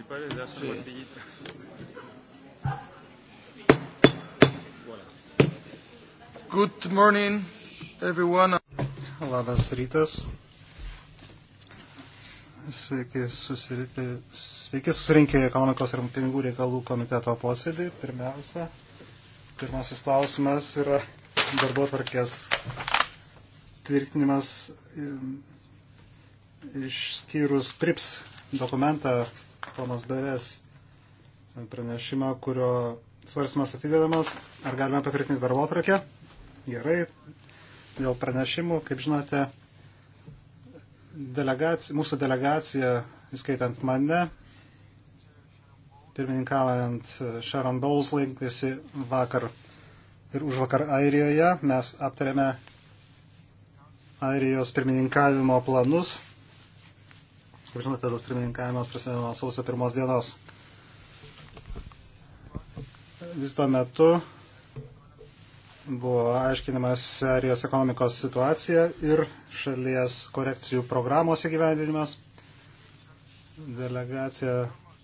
sais pas les arts sur votre pays. Good morning, everyone. Labas rytas. Sveiki, susirinkė, sveiki susirinkę ekonomikos ir pinigų reikalų komiteto posėdį. Pirmiausia, pirmasis klausimas yra darbo tvarkės tvirtinimas išskyrus PRIPS dokumentą ponos Beres pranešimą, kurio svarstymas atidedamas. Ar galime patvirtinti darbo atrakę? Gerai. Dėl pranešimų, kaip žinote, delegacija, mūsų delegacija, įskaitant mane, pirmininkaujant Sharon Bowles, visi vakar ir už vakar Airijoje mes aptarėme Airijos pirmininkavimo planus Kaip žinote, tas pirmininkavimas prasidėjo nuo sausio pirmos dienos. Vis tuo metu buvo aiškinimas serijos ekonomikos situacija ir šalies korekcijų programos įgyvendinimas. Delegacija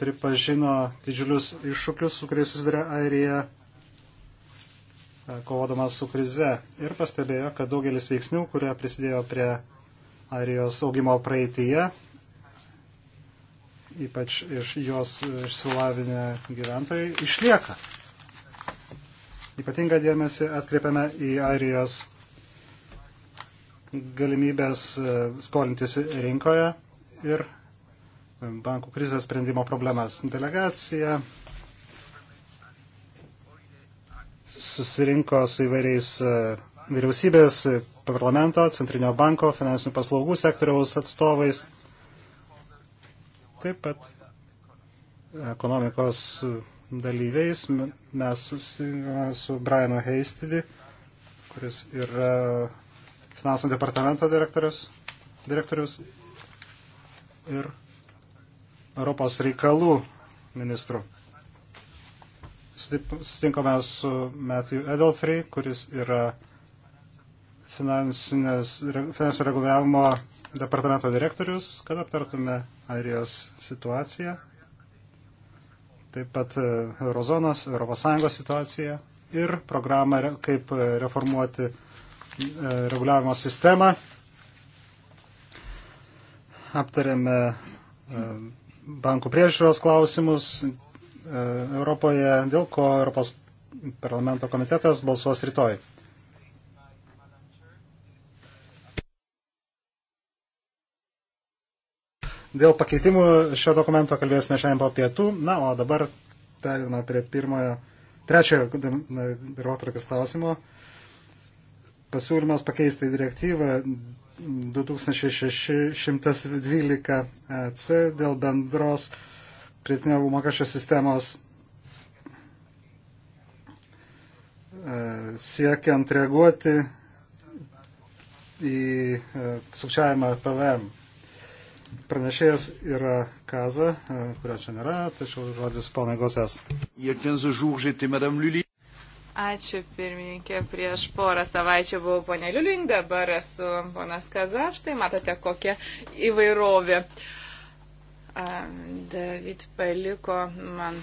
pripažino didžiulius iššūkius, su kuriais susidarė Airija kovodamas su krize ir pastebėjo, kad daugelis veiksnių, kurie prisidėjo prie Airijos augimo praeitįje, ypač iš jos išsilavinę gyventojai, išlieka. Ypatingą dėmesį atkreipiame į Airijos galimybės e, skolintis rinkoje ir e, bankų krizės sprendimo problemas. Delegacija susirinko su įvairiais e, vyriausybės, parlamento, centrinio banko, finansinių paslaugų sektoriaus atstovais, Taip pat ekonomikos dalyviais mes susitikome su Brianu Heistidi, kuris yra finansų departamento direktorius, direktorius ir Europos reikalų ministru. Sutinkome su Matthew Edelfrey, kuris yra finansinio reguliavimo departamento direktorius, kad aptartume Airijos situaciją, taip pat e, Eurozonos, ES situaciją ir programą, kaip e, reformuoti e, reguliavimo sistemą. Aptarėme bankų priežiūros klausimus Europoje, dėl ko Europos parlamento komitetas balsuos rytoj. Dėl pakeitimų šio dokumento kalbėsime šiandien po pietų. Na, o dabar perėmame prie pirmojo, trečiojo darbotvarkės klausimo. Pasiūlymas pakeisti direktyvą 2612 e c dėl bendros pritinio mokesčio sistemos e, siekiant reaguoti į e, sukčiavimą PVM. Pranešėjas yra Kaza, e, kurio čia nėra, tačiau žodis ponai Gosės. Ačiū pirmininkė, prieš porą savaičių buvau ponė Liulin, dabar esu ponas Kaza, štai matote kokią įvairovę. David paliko man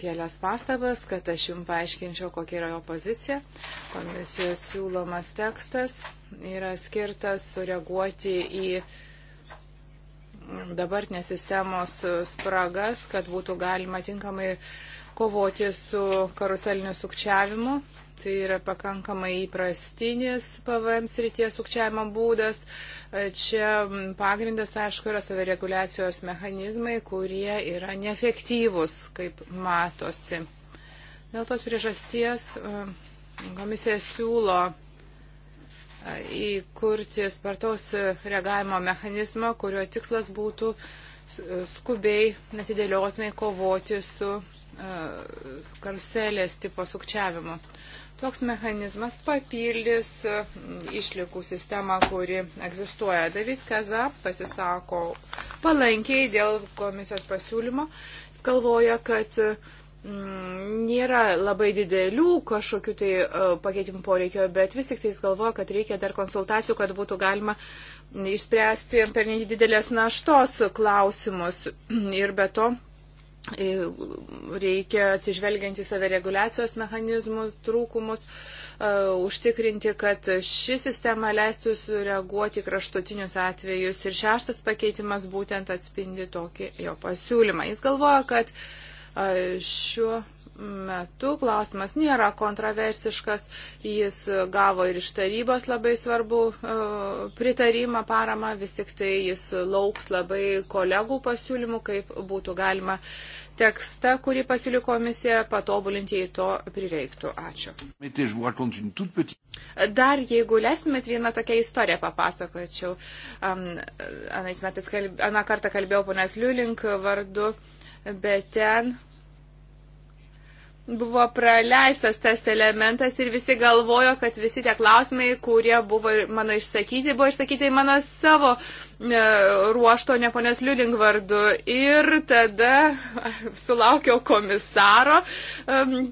kelias pastabas, kad aš jums paaiškinčiau, kokia yra jo pozicija. Komisijos siūlomas tekstas yra skirtas sureaguoti į dabartinės sistemos spragas, kad būtų galima tinkamai kovoti su karuseliniu sukčiavimu. Tai yra pakankamai įprastinis PVM srities sukčiavimo būdas. Čia pagrindas, aišku, yra savireguliacijos mechanizmai, kurie yra neefektyvūs, kaip matosi. Dėl tos priežasties e, komisija siūlo įkurti spartaus reagavimo mechanizmą, kurio tikslas būtų skubiai, netidėliotinai kovoti su e, karuselės tipo sukčiavimu. Toks mechanizmas papildys e, išlikų sistemą, kuri egzistuoja. David Kaza pasisako palankiai dėl komisijos pasiūlymo. Jis galvoja, kad uh, Mm, nėra labai didelių kažkokių tai e, pakeitimų poreikio, bet vis tik tai jis galvoja, kad reikia dar konsultacijų, kad būtų galima išspręsti per nedidelės naštos klausimus. Ir be to e, reikia atsižvelgiant į savireguliacijos mechanizmų trūkumus, e, užtikrinti, kad ši sistema leistų sureaguoti kraštutinius atvejus. Ir šeštas pakeitimas būtent atspindi tokį jo pasiūlymą. Jis galvoja, kad uh, Šiuo metu klausimas nėra kontroversiškas, jis gavo ir iš tarybos labai svarbu e, pritarimą, paramą, vis tik tai jis lauks labai kolegų pasiūlymų, kaip būtų galima tekstą, kurį pasiūlė komisija, patobulinti, jei to prireiktų. Ačiū. Dar jeigu leistumėt vieną tokią istoriją papasakočiau. Um, anais metais, kalb... aną kartą kalbėjau ponės Liulink vardu, bet ten buvo praleistas tas elementas ir visi galvojo, kad visi tie klausimai, kurie buvo mano išsakyti, buvo išsakyti mano savo e, ruošto ne ponios Liuling vardu. Ir tada sulaukiau komisaro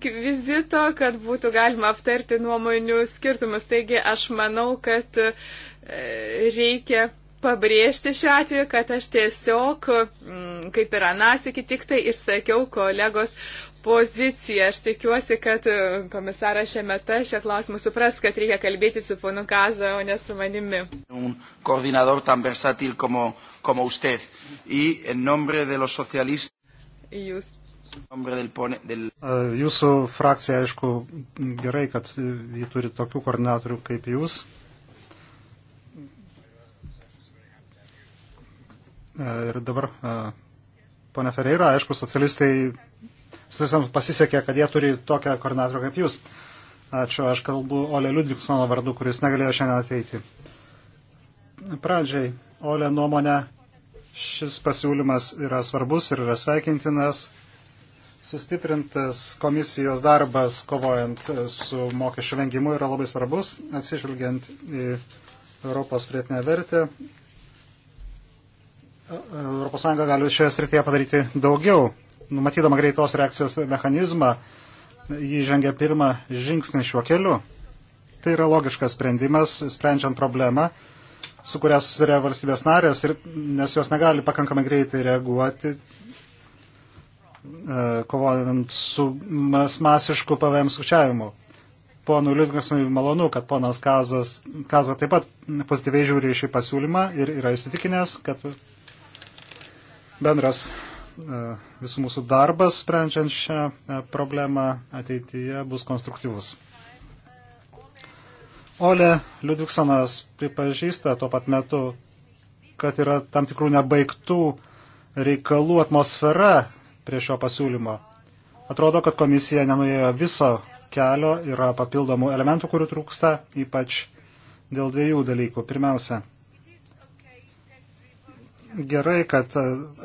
vizito, kad būtų galima aptarti nuomonių skirtumus. Taigi aš manau, kad e, reikia pabrėžti šiuo atveju, kad aš tiesiog, kaip ir anasikį, tik tai išsakiau kolegos poziciją. Aš tikiuosi, kad e, komisaras šiame ta šio klausimu supras, kad reikia kalbėti su ponu Kaza, o ne su manimi. Un koordinador tan versátil como, como usted. Y en nombre de los socialistas. Jūs Jūsų frakcija, aišku, gerai, kad e, jį turi tokių koordinatorių kaip jūs. E, ir dabar, ponia Ferreira, aišku, socialistai Stasams pasisekė, kad jie turi tokią koordinatorę kaip jūs. Ačiū, aš kalbu Ole Ludvigsono vardu, kuris negalėjo šiandien ateiti. Pradžiai, Ole nuomonė, šis pasiūlymas yra svarbus ir yra sveikintinas. Sustiprintas komisijos darbas kovojant su mokesčių vengimu yra labai svarbus, atsižvelgiant į Europos prietinę vertę. ES gali šioje srityje padaryti daugiau, numatydama greitos reakcijos mechanizmą, jį žengia pirmą žingsnį šiuo keliu. Tai yra logiškas sprendimas, sprendžiant problemą, su kuria susidarė valstybės narės, ir, nes jos negali pakankamai greitai reaguoti, e, kovojant su mas, masišku PVM sukčiavimu. Ponu Liudgasnui malonu, kad ponas Kazas, Kaza taip pat pozityviai žiūri šį pasiūlymą ir yra įsitikinęs, kad bendras E, visų mūsų darbas sprendžiant šią e, problemą ateityje bus konstruktyvus. Ole Liudviksonas pripažįsta tuo pat metu, kad yra tam tikrų nebaigtų reikalų atmosfera prie šio pasiūlymo. Atrodo, kad komisija nenuėjo viso kelio, yra papildomų elementų, kurių trūksta, ypač dėl dviejų dalykų. Pirmiausia, gerai, kad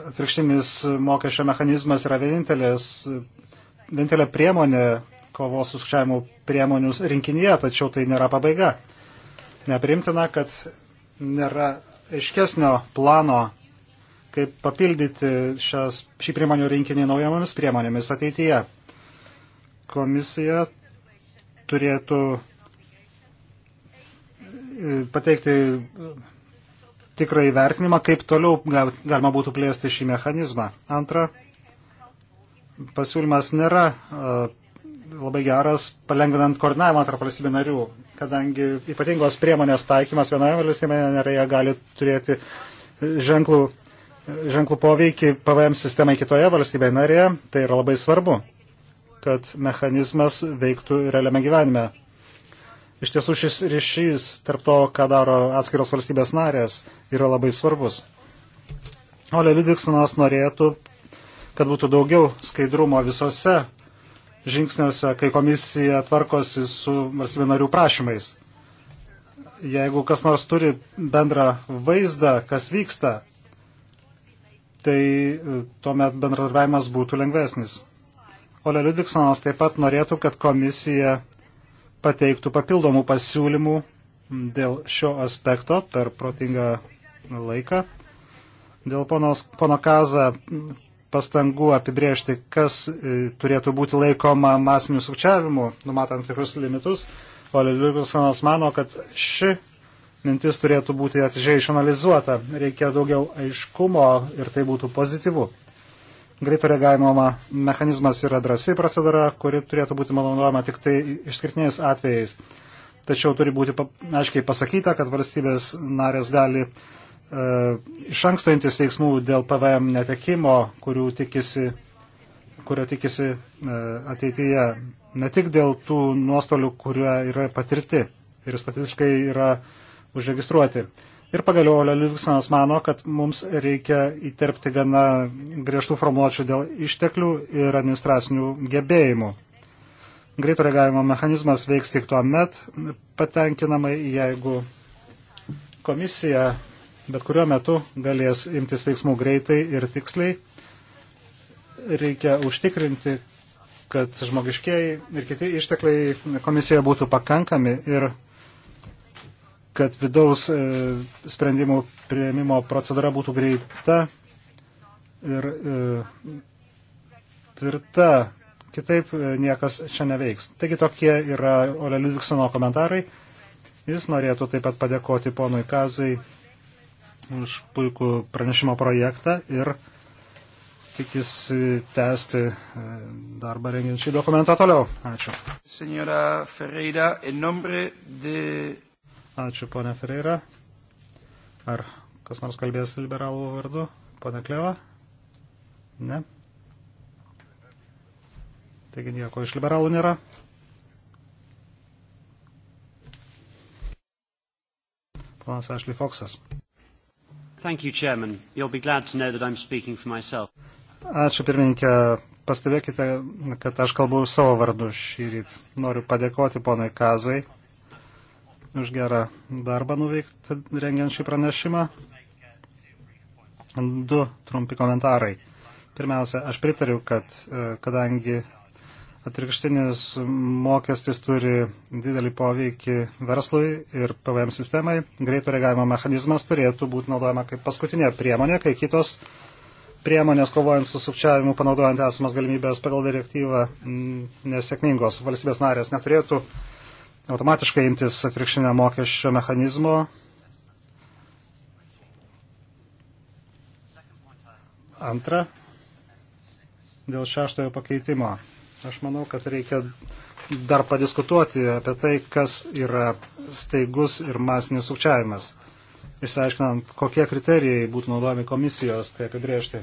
atvirkštinis mokesčio mechanizmas yra vienintelė priemonė kovos su skčiavimu priemonių rinkinyje, tačiau tai nėra pabaiga. Neprimtina, kad nėra aiškesnio plano, kaip papildyti šias, šį priemonių rinkinį naujomis priemonėmis ateityje. Komisija turėtų e, pateikti tikrą įvertinimą, kaip toliau galima būtų plėsti šį mechanizmą. Antra, pasiūlymas nėra e, labai geras, palengvinant koordinavimą tarp valstybių narių, kadangi ypatingos priemonės taikymas vienoje valstybėje narėje gali turėti ženklų, ženklų poveikį PVM sistemai kitoje valstybėje narėje, tai yra labai svarbu, kad mechanizmas veiktų realiame gyvenime. Iš tiesų šis ryšys tarp to, ką daro atskiros valstybės narės, yra labai svarbus. Ole Lidviksonas norėtų, kad būtų daugiau skaidrumo visose žingsniuose, kai komisija tvarkosi su valstybė narių prašymais. Jeigu kas nors turi bendrą vaizdą, kas vyksta, tai e, tuomet bendradarbiavimas būtų lengvesnis. Ole Ludviksonas taip pat norėtų, kad komisija pateiktų papildomų pasiūlymų dėl šio aspekto per protingą laiką. Dėl ponos, pono Kaza pastangų apibriežti, kas e, turėtų būti laikoma masiniu sukčiavimu, numatant tikrus limitus, o Liukasanas mano, kad ši mintis turėtų būti atidžiai išanalizuota. Reikia daugiau aiškumo ir tai būtų pozityvu. Greito reagavimo mechanizmas yra drąsiai procedūra, kuri turėtų būti naudojama tik tai išskirtiniais atvejais. Tačiau turi būti aiškiai pasakyta, kad valstybės narės gali e, iš anksto imtis veiksmų dėl PVM netekimo, tikisi, kurio tikisi e, ateityje. Ne tik dėl tų nuostolių, kurie yra patirti ir statistiškai yra užregistruoti. Ir pagaliau Olio Liviksonas mano, kad mums reikia įterpti gana griežtų formuočių dėl išteklių ir administracinių gebėjimų. Greito reagavimo mechanizmas veiks tik tuo met patenkinamai, jeigu komisija bet kuriuo metu galės imtis veiksmų greitai ir tiksliai. Reikia užtikrinti, kad žmogiškiai ir kiti ištekliai komisijoje būtų pakankami ir kad vidaus e, sprendimų prieimimo procedūra būtų greita ir e, tvirta. Kitaip e, niekas čia neveiks. Taigi tokie yra Ole Liudviksono komentarai. Jis norėtų taip pat padėkoti ponui Kazai už puikų pranešimo projektą ir tikisi tęsti darbą rengiant šį dokumentą toliau. Ačiū. Senora Ferreira, en nombre de Ačiū, ponė Ferreira. Ar kas nors kalbės liberalų vardu? Pone Kleva? Ne. Taigi nieko iš liberalų nėra. Ponas Ashley Foxas. Thank you, Chairman. You'll be glad to know that I'm speaking for myself. Ačiū pirmininkė. Pastebėkite, kad aš kalbu savo vardu šį rytą. Noriu padėkoti ponui Kazai už gerą darbą nuveiktą rengiant šį pranešimą. Du trumpi komentarai. Pirmiausia, aš pritariu, kad e, kadangi atrikštinis mokestis turi didelį poveikį verslui ir PVM sistemai, greito reagavimo mechanizmas turėtų būti naudojama kaip paskutinė priemonė, kai kitos priemonės kovojant su sukčiavimu, panaudojant esamas galimybės pagal direktyvą nesėkmingos valstybės narės neturėtų uh, automatiškai imtis atvirkštinio mokesčio mechanizmo. Antra, dėl šeštojo pakeitimo. Aš manau, kad reikia dar padiskutuoti apie tai, kas yra staigus ir masinis sukčiavimas. Išsiaiškinant, kokie kriterijai būtų naudojami komisijos, tai apibriežti.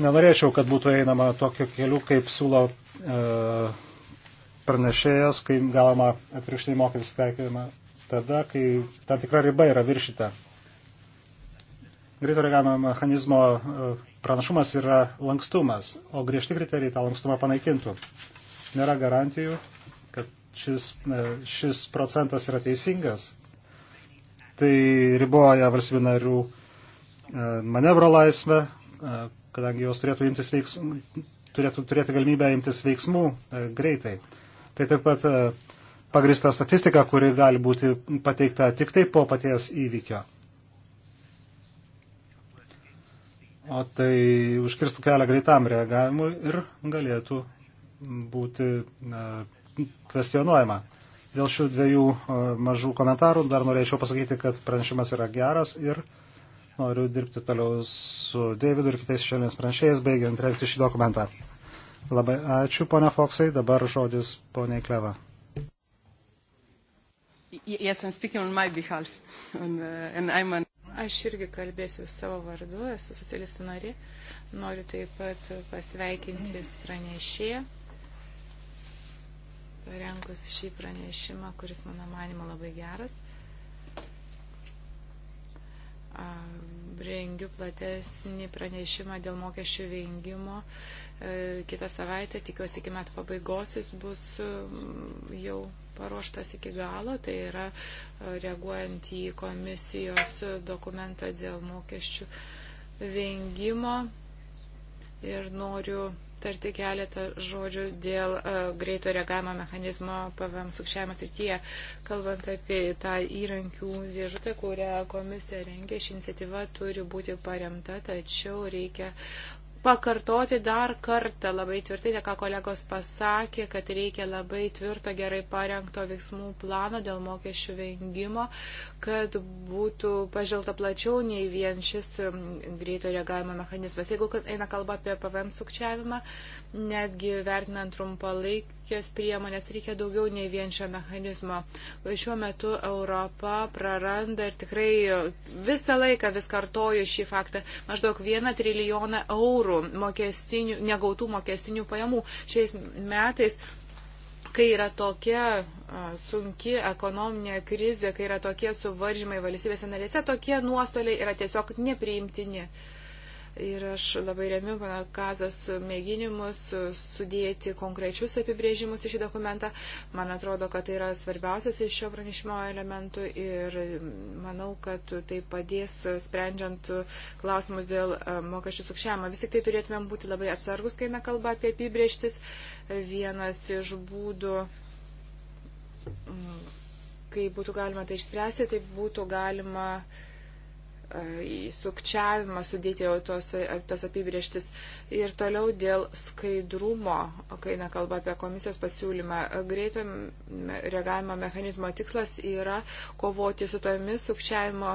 Nenorėčiau, kad būtų einama tokiu keliu, kaip siūlo e, pranešėjas, kai galima tai atvirkštinį mokestį taikymą tada, kai tam tikra riba yra viršyta. Greito reagavimo mechanizmo e, pranašumas yra lankstumas, o griežti kriterijai tą lankstumą panaikintų. Nėra garantijų, kad šis, e, šis procentas yra teisingas. Tai riboja valstybių narių e, manevro laisvę, kadangi jos turėtų, imtis veiksmų, turėtų turėti galimybę imtis veiksmų greitai. Tai taip pat e, pagrista statistika, kuri gali būti pateikta tik tai po paties įvykio. O tai užkirstų kelią greitam reagavimui ir galėtų būti kvestionuojama. Dėl šių dviejų e, mažų komentarų dar norėčiau pasakyti, kad pranešimas yra geras ir noriu dirbti toliau su Davidu ir kitais šiandienis pranešėjais, baigiant renkti šį dokumentą. Labai ačiū, ponia Foksai. Dabar žodis poniai Kleva. Yes, uh, Aš irgi kalbėsiu savo vardu, esu socialistų nari. Noriu taip pat pasveikinti pranešėją, parengus šį pranešimą, kuris mano manimo labai geras. Rengiu platesnį pranešimą dėl mokesčių vengimo E, kitą savaitę, tikiuosi iki metų pabaigos jis bus mm, jau paruoštas iki galo, tai yra e, reaguojant į komisijos dokumentą dėl mokesčių vengimo ir noriu tarti keletą žodžių dėl uh, greito reagavimo mechanizmo PVM sukčiavimo srityje, kalbant apie tą įrankių dėžutę, kurią komisija rengia. Ši iniciatyva turi būti paremta, tačiau reikia pakartoti dar kartą labai tvirtai, tai, ką kolegos pasakė, kad reikia labai tvirto, gerai parengto veiksmų plano dėl mokesčių vengimo, kad būtų pažvelgta plačiau nei vien šis um, greito reagavimo mechanizmas. Jeigu eina kalba apie PVM sukčiavimą, netgi vertinant trumpalaikį tokias priemonės, reikia daugiau nei vien šio mechanizmo. Šiuo metu Europa praranda ir tikrai visą laiką vis kartoju šį faktą, maždaug vieną trilijoną eurų mokestinių, negautų mokestinių pajamų šiais metais kai yra tokia sunki ekonominė krizė, kai yra tokie suvaržymai valstybėse narėse, tokie nuostoliai yra tiesiog nepriimtini. Uh, Ir aš labai remiu pana Kazas mėginimus sudėti konkrečius apibrėžimus į šį dokumentą. Man atrodo, kad tai yra svarbiausias iš šio pranešimo elementų ir manau, kad tai padės sprendžiant klausimus dėl e, mokesčių sukšiamą. Vis tik tai turėtumėm būti labai atsargus, kai eina kalba apie apibrėžtis. Vienas iš būdų kaip būtų galima tai išspręsti, tai būtų galima uh, sukčiavimą, sudėti tos, tos apibrieštis. Ir toliau dėl skaidrumo, kai na, kalba apie komisijos pasiūlymą, greito reagavimo mechanizmo tikslas yra kovoti su tomis sukčiavimo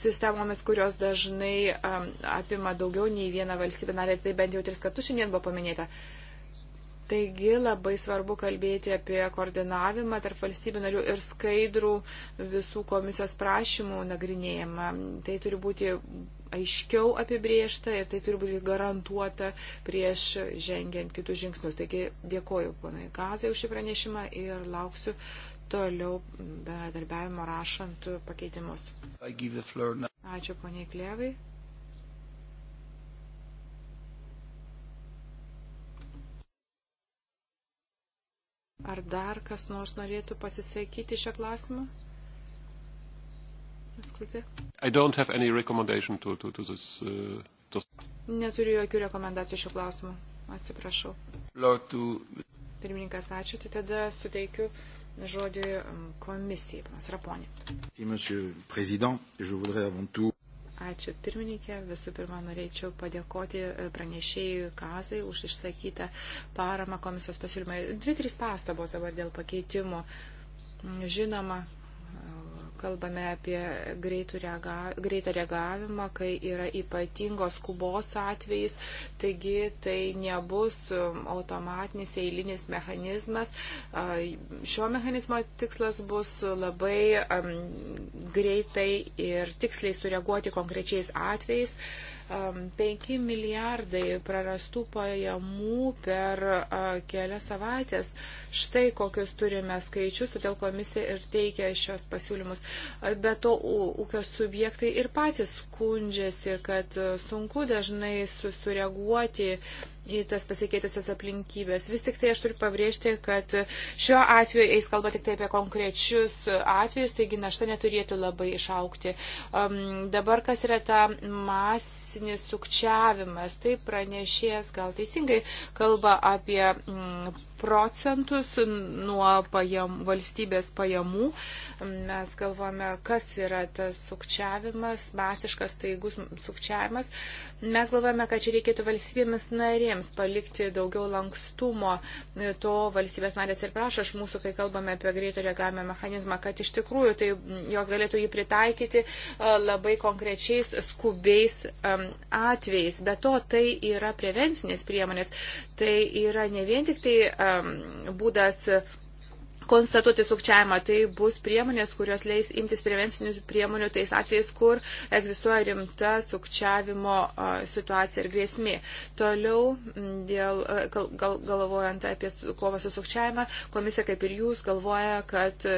sistemomis, kurios dažnai um, apima daugiau nei vieną valstybę narę, tai bent jau tris kartus šiandien buvo paminėta. Uh, Taigi labai svarbu kalbėti apie koordinavimą tarp valstybių narių ir skaidrų visų komisijos prašymų nagrinėjimą. Tai turi būti aiškiau apibriešta ir tai turi būti garantuota prieš žengiant kitus žingsnius. Taigi dėkoju ponai Gazai už šį pranešimą ir lauksiu toliau bendradarbiavimo rašant pakeitimus. Ačiū poniai Klevai. Ar dar kas nors norėtų pasisakyti šią klausimą? I don't have any recommendation to, to, to this. Uh, to... Neturiu jokių rekomendacijų šiuo klausimu. Atsiprašau. To... Pirmininkas, ačiū. Tai tada suteikiu žodį um, komisijai, panas Raponė. Ačiū pirmininkė. Visų pirma, norėčiau padėkoti pranešėjui Kazai už išsakytą paramą komisijos pasiūlymai. Dvi, trys pastabos dabar dėl pakeitimų. Žinoma, kalbame apie reaga, greitą reagavimą, kai yra ypatingos skubos atvejais, taigi tai nebus um, automatinis eilinis mechanizmas. Šio mechanizmo tikslas bus labai um, greitai ir tiksliai sureaguoti konkrečiais atvejais 5 milijardai prarastų pajamų per kelias savaitės. Štai kokius turime skaičius, todėl komisija ir teikia šios pasiūlymus. Be to, ūkio subjektai ir patys skundžiasi, kad sunku dažnai sureaguoti į tas pasikeitusias aplinkybės. Vis tik tai aš turiu pabrėžti, kad šiuo atveju eis kalba tik tai apie konkrečius atvejus, taigi našta neturėtų labai išaukti. Um, dabar kas yra ta masinis sukčiavimas, tai pranešėjas gal teisingai kalba apie mm, procentus nuo pajam, valstybės pajamų. Mes galvojame, kas yra tas sukčiavimas, masiškas taigus sukčiavimas. Mes galvojame, kad čia reikėtų valstybėms narėms palikti daugiau lankstumo. To valstybės narės ir prašo iš mūsų, kai kalbame apie greito reagavimo mechanizmą, kad iš tikrųjų tai jos galėtų jį pritaikyti e, labai konkrečiais, skubiais atvejais. Be to, tai yra prevencinės priemonės. Tai yra ne vien tik tai būdas konstatuoti sukčiavimą. Tai bus priemonės, kurios leis imtis prevencinių priemonių tais atvejais, kur egzistuoja rimta sukčiavimo situacija ir grėsmė. Toliau, dėl, gal, gal, galvojant apie kovą su sukčiavimą, komisija kaip ir jūs galvoja, kad e,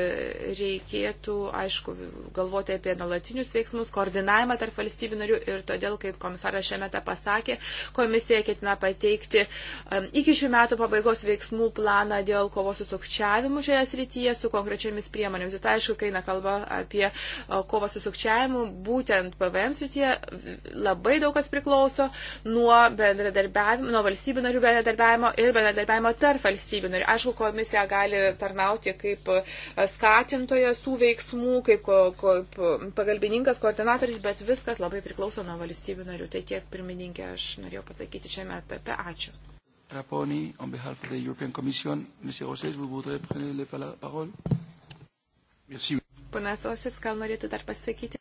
reikėtų, aišku, galvoti apie nuolatinius veiksmus, koordinavimą tarp valstybių narių ir todėl, kaip komisaras šiame tą pasakė, komisija ketina pateikti iki šių metų pabaigos veiksmų planą dėl kovos su sukčiavimu šioje šioje srityje su konkrečiamis priemonėmis. Ir tai aišku, kai eina kalba apie kovą su sukčiavimu, būtent PVM srityje labai daug kas priklauso nuo bendradarbiavimo, nuo valstybių narių bendradarbiavimo ir bendradarbiavimo tarp valstybių narių. Aišku, komisija gali tarnauti kaip e, skatintojas tų veiksmų, kaip, kaip pagalbininkas, koordinatorius, bet viskas labai priklauso nuo valstybių narių. Tai tiek, pirmininkė, aš norėjau pasakyti šiame etape. Ačiū. Raponi, on behalf of the European Commission. Monsieur Rosset, vous voudrez prendre la parole Merci. Ponas Osis, gal norėtų dar pasakyti?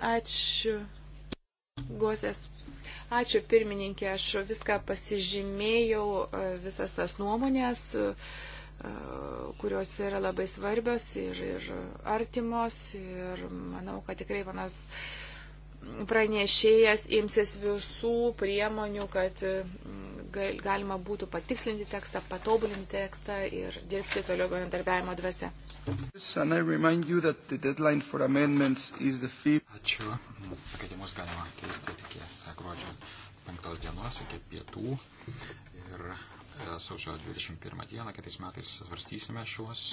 Ačiū. Gozės. Ačiū pirmininkė, aš viską pasižymėjau, e, visas tas nuomonės, e, kurios yra labai svarbios ir, ir artimos ir manau, kad tikrai panas. Vanas pranešėjas imsis visų priemonių, kad mm, galima būtų patikslinti tekstą, patobulinti tekstą ir dirbti toliau bendarbiavimo dvasia. Ačiū. Pakeitimus galima keisti iki e, gruodžio 5 dienos, iki pietų. Ir e, sausio 21 dieną kitais metais svarstysime šiuos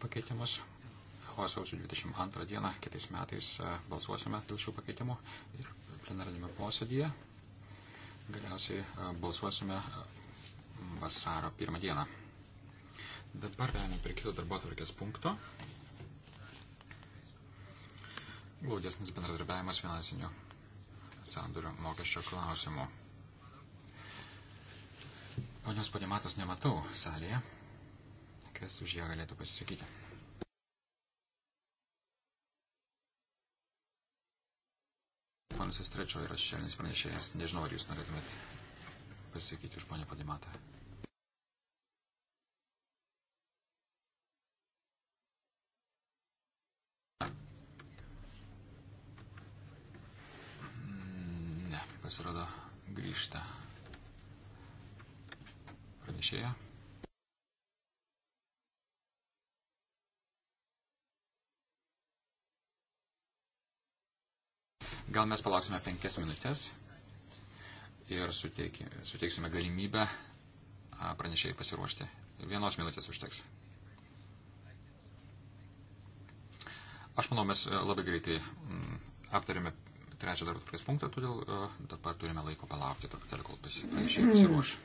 pakeitimus sausio 22 dieną, kitais metais e, balsuosime dėl šių pakeitimų ir plenarinėme posėdėje. Galiausiai e, balsuosime e, vasaro pirmą dieną. Dabar perėmėm prie kito darbo atvarkės punkto. Glaudesnis bendradarbiavimas finansinių sandorių mokesčio klausimų. Ponios padimatos nematau salėje. Kas už ją galėtų pasisakyti? Panas Estrečio yra šešėlinis pranešėjas. Nežinau, ar jūs norėtumėt pasakyti už ponę Padimatą. pasirodo grįžta pranešėja. Gal mes palauksime penkias minutės ir suteiksime galimybę pranešėjai pasiruošti. Vienos minutės užteks. Aš manau, mes e, labai greitai aptarėme trečią darbo tvarkės punktą, todėl e, dabar turime laiko palaukti truputėlį, kol pranešėjai pasiruoš.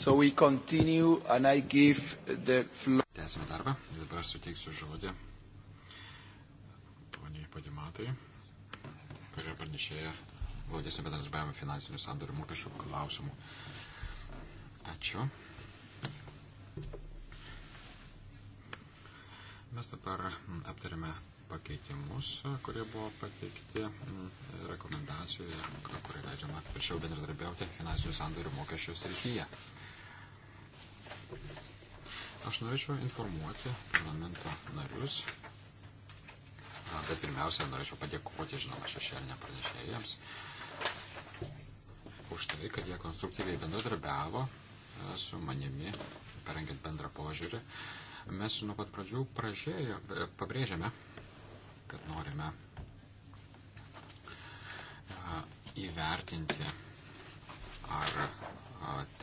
So we continue and I give the floor. Tęsime darbą. Dabar suteiksiu žodį poniai Padimatai, kurie pranešėja glaudėsnio bendradarbiavimo finansinių sandorių mokesčių klausimų. Ačiū. Mes dabar aptarėme pakeitimus, kurie buvo pateikti rekomendacijoje, kurie leidžiama plačiau bendradarbiauti finansinių sandorių mokesčių srityje. Aš norėčiau informuoti parlamento narius, bet pirmiausia, norėčiau padėkoti, žinoma, šešėlinė pranešėjams už tai, kad jie konstruktyviai bendradarbiavo e, su manimi, parengiant bendrą požiūrį. Mes nuo pat pradžių pražėjo, e, pabrėžiame, kad norime e, įvertinti, ar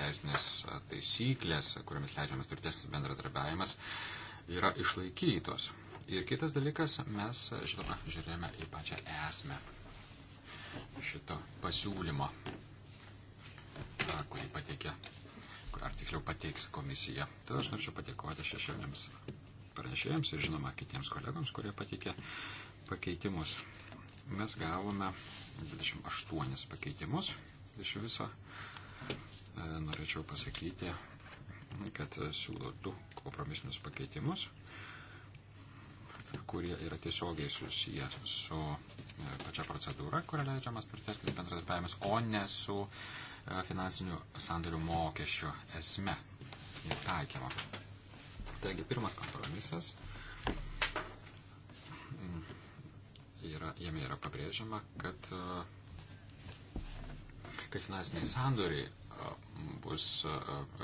teisinės taisyklės, kuriamis leidžiamas tvirtesnis bendradarbiavimas, yra išlaikytos. Ir kitas dalykas, mes, žinoma, žiūrėjome į pačią esmę šito pasiūlymo, kurį pateikė, ar tiksliau pateiks komisija. Tad aš norėčiau padėkoti šešėliams pranešėjams ir, žinoma, kitiems kolegams, kurie pateikė pakeitimus. Mes gavome 28 pakeitimus iš viso E, norėčiau pasakyti, kad siūlo du kompromisinius pakeitimus, kurie yra tiesiogiai susiję su e, pačia procedūra, kuria leidžiamas turtesnis bendradarbiavimas, o ne su e, finansinių sandarių mokesčio esme ir taikymo. Taigi, pirmas kompromisas mm, yra, jame yra pabrėžiama, kad, kad finansiniai sandoriai bus, e,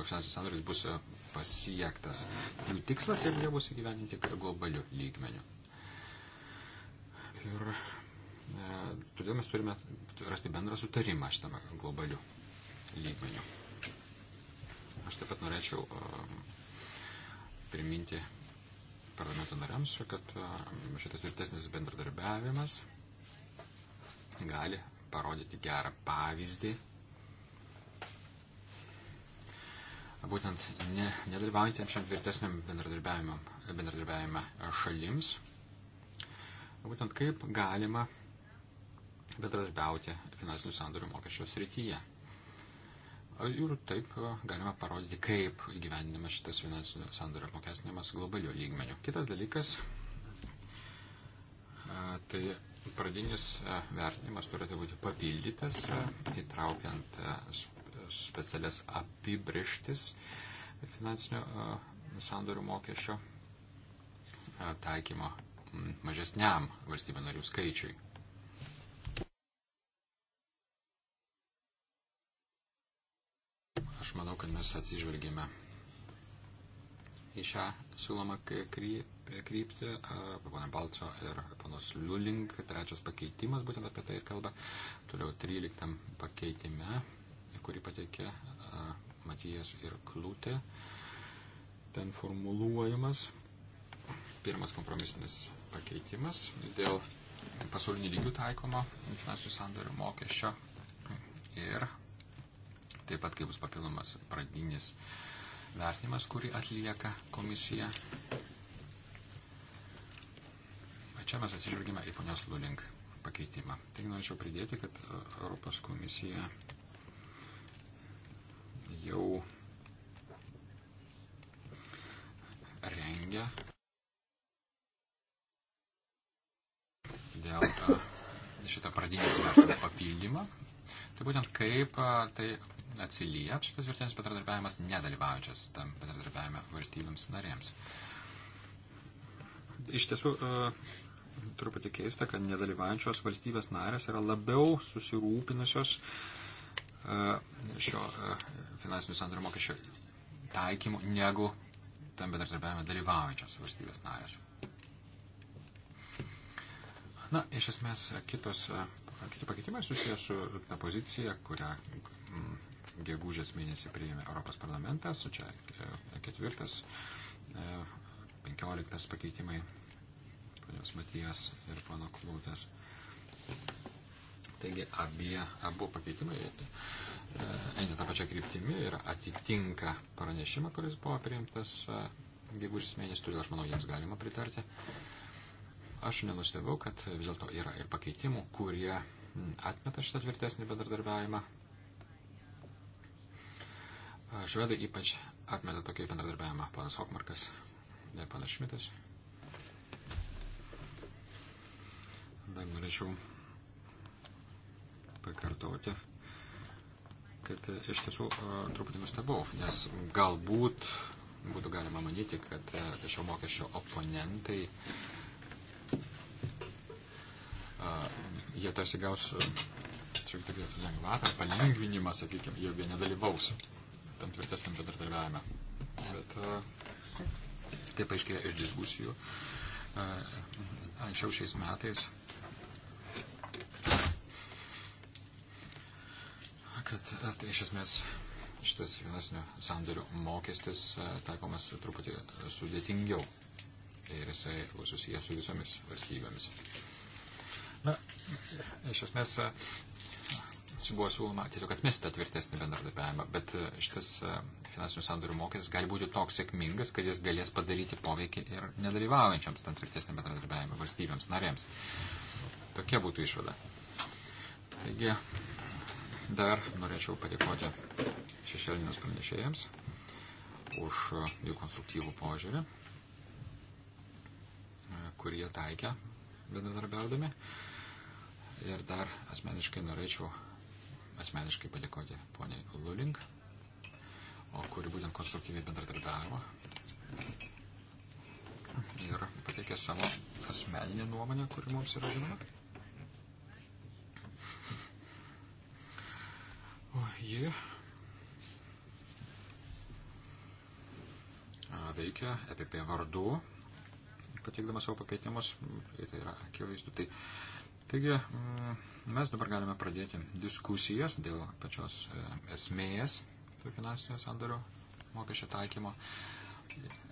finansinis sandoris bus e, pasiektas. Jų tikslas, jeigu jie bus įgyveninti globaliu lygmeniu. Ir e, todėl mes turime rasti bendrą sutarimą šitame globaliu lygmeniu. Aš taip pat norėčiau e, priminti parlamento nariams, kad e, šitas tvirtesnis bendradarbiavimas gali parodyti gerą pavyzdį būtent ne, nedalyvaujantiems šiam tvirtesniam bendradarbiavimą šalims, būtent kaip galima bendradarbiauti finansinių sandorių mokesčio srityje. Ir taip galima parodyti, kaip įgyvendinamas šitas finansinių sandorių apmokestinimas globalių lygmenių. Kitas dalykas, tai pradinis vertinimas turėtų būti papildytas, įtraukiant specialias apibrieštis finansinio e, sandorių mokesčio e, taikymo mažesniam valstybė narių skaičiui. Aš manau, kad mes atsižvelgėme į šią siūlomą kryptį, e, pana Balčio ir panos Liulink, trečias pakeitimas būtent apie tai ir kalba, toliau 13 pakeitime kurį pateikė Matijas ir Klūtė. Ten formuluojamas pirmas kompromisinis pakeitimas dėl pasaulinį lygių taikomo finansinių sandorių mokesčio ir taip pat kaip bus papildomas pradinis vertinimas, kurį atlieka komisija. Čia mes atsižvelgime į ponios Lulink pakeitimą. Tik norėčiau pridėti, kad Europos komisija jau rengia dėl šitą pradinį vertinimo papildymą. Tai būtent kaip tai atsilieps šitas vertinis bendradarbiavimas nedalyvaujančias tam bendradarbiavime valstybėms narėms. Iš tiesų, truputį keista, kad nedalyvaujančios valstybės narės yra labiau susirūpinusios šio finansinių sandorių mokesčio taikymu, negu tam bendradarbiavime dalyvaujančios valstybės narės. Na, iš esmės, kitos, kiti pakeitimai susijęs su ta pozicija, kurią mm, gegužės mėnesį priėmė Europos parlamentas, čia e, ketvirtas, e, penkioliktas pakeitimai, ponios Matijas ir pono Klūtės. Taigi abie, abu pakeitimai E, eina tą pačią kryptimį ir atitinka pranešimą, kuris buvo priimtas e, gegužės mėnesį, todėl aš manau, jiems galima pritarti. Aš nenustebau, kad vis dėlto yra ir pakeitimų, kurie atmeta šitą tvirtesnį bendradarbiavimą. E, švedai ypač atmeta tokį bendradarbiavimą, panas Hokmarkas ir panas Šmitas. Dar norėčiau pakartoti kad e, iš tiesų e, truputį nustebau, nes galbūt būtų galima manyti, kad e, šio mokesčio oponentai, jie tarsi gaus šiek tiek lengvatą ar palengvinimą, sakykime, jeigu jie nedalyvaus tam tvirtesniam bendradarbiavime. Bet taip aiškiai iš diskusijų anksčiau šiais metais Tai iš esmės šitas finansinio sandorio mokestis e, taikomas truputį e, sudėtingiau ir jisai susijęs su visomis valstybėmis. Na, iš esmės e, buvo siūloma tiesiog atmesti tvirtesnį bendradarbiavimą, bet šitas finansinių sandorių mokestis gali būti toks sėkmingas, kad jis galės padaryti poveikį ir nedalyvaujančiams tam tvirtesnį bendradarbiavimą valstybėms narėms. Tokia būtų išvada. Taigi, Dar norėčiau padėkoti šešėlinius pranešėjams už jų konstruktyvų požiūrį, kurį jie taikė bendradarbiaudami. Ir dar asmeniškai norėčiau asmeniškai padėkoti poniai Lulink, o kuri būtent konstruktyviai bendradarbiavo ir pateikė savo asmeninę nuomonę, kuri mums yra žinoma. O ji veikia EPP vardu, pateikdama savo pakeitimus, tai yra akivaizdu. Tai, taigi mm, mes dabar galime pradėti diskusijas dėl pačios e, esmės finansinio sandario mokesčio taikymo.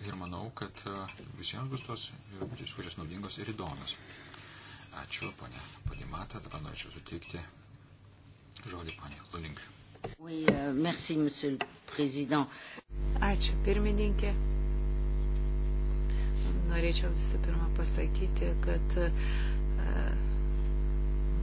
Ir manau, kad e, visiems bus tos e, diskusijos naudingos ir įdomios. Ačiū, ponė Padimata. Dabar norėčiau suteikti Žodį, ponė Lulink. Euh, Ačiū, pirmininkė. Norėčiau visų pirma pasakyti, kad uh,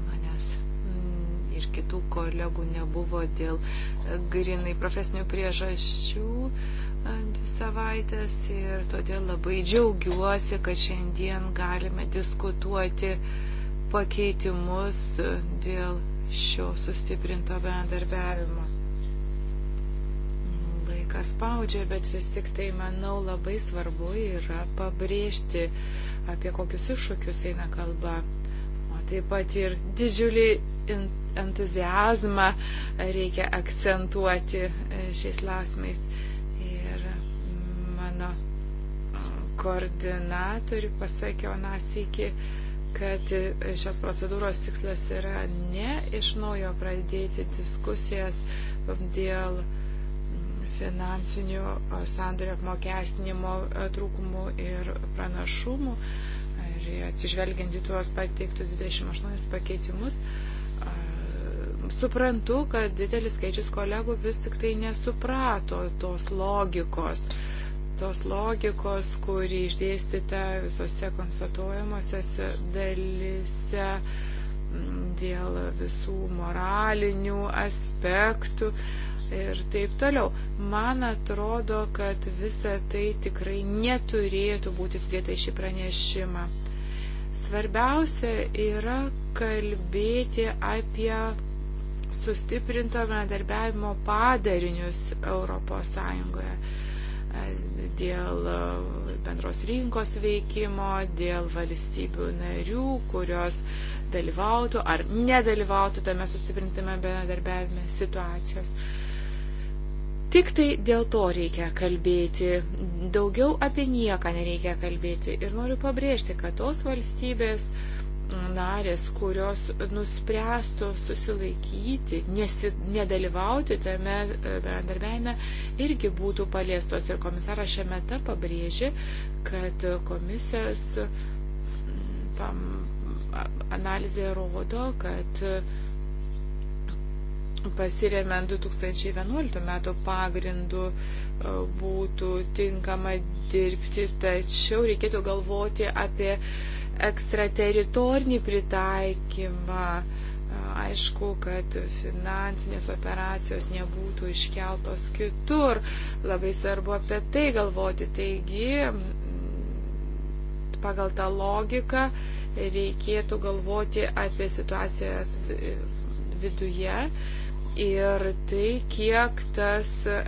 manęs mm, ir kitų kolegų nebuvo dėl uh, grinai profesinių priežasčių uh, dvi savaitės ir todėl labai džiaugiuosi, kad šiandien galime diskutuoti pakeitimus dėl šio sustiprinto bendarbiavimo. Laikas spaudžia, bet vis tik tai, manau, labai svarbu yra pabrėžti, apie kokius iššūkius eina kalba. O taip pat ir didžiulį entuzijazmą reikia akcentuoti e, šiais lausmais. Ir mano koordinatorių pasakiau, nas iki kad e, šios procedūros tikslas yra ne iš naujo pradėti diskusijas dėl mm, finansinių sandorių apmokestinimo e, trūkumų ir pranašumų, ir atsižvelgiant į tuos pateiktus 28 pakeitimus. Suprantu, kad didelis skaičius kolegų vis tik tai nesuprato tos logikos. Uh, tos logikos, kuri išdėstyta visose konstatuojamosiose dalise mm, dėl visų moralinių aspektų ir taip toliau. Man atrodo, kad visa tai tikrai neturėtų būti sudėta į šį pranešimą. Svarbiausia yra kalbėti apie sustiprinto bendarbiavimo padarinius Europos Sąjungoje dėl e, bendros rinkos veikimo, dėl valstybių narių, kurios dalyvautų ar nedalyvautų tame sustiprintame bendradarbiavime situacijos. Tik tai dėl to reikia kalbėti, daugiau apie nieką nereikia kalbėti. Ir noriu pabrėžti, kad tos valstybės, uh, narės, kurios nuspręstų susilaikyti, nesi, nedalyvauti tame e, bendarbiajame, irgi būtų paliestos. Ir komisaras šiame etape pabrėžė, kad komisijos pam, mm, analizė rodo, kad pasiremiant 2011 metų pagrindų e, būtų tinkama dirbti, tačiau reikėtų galvoti apie ekstrateritorinį pritaikymą. Aišku, kad finansinės operacijos nebūtų iškeltos kitur. Labai svarbu apie tai galvoti. Taigi, pagal tą logiką reikėtų galvoti apie situacijas viduje ir tai, kiek tas e,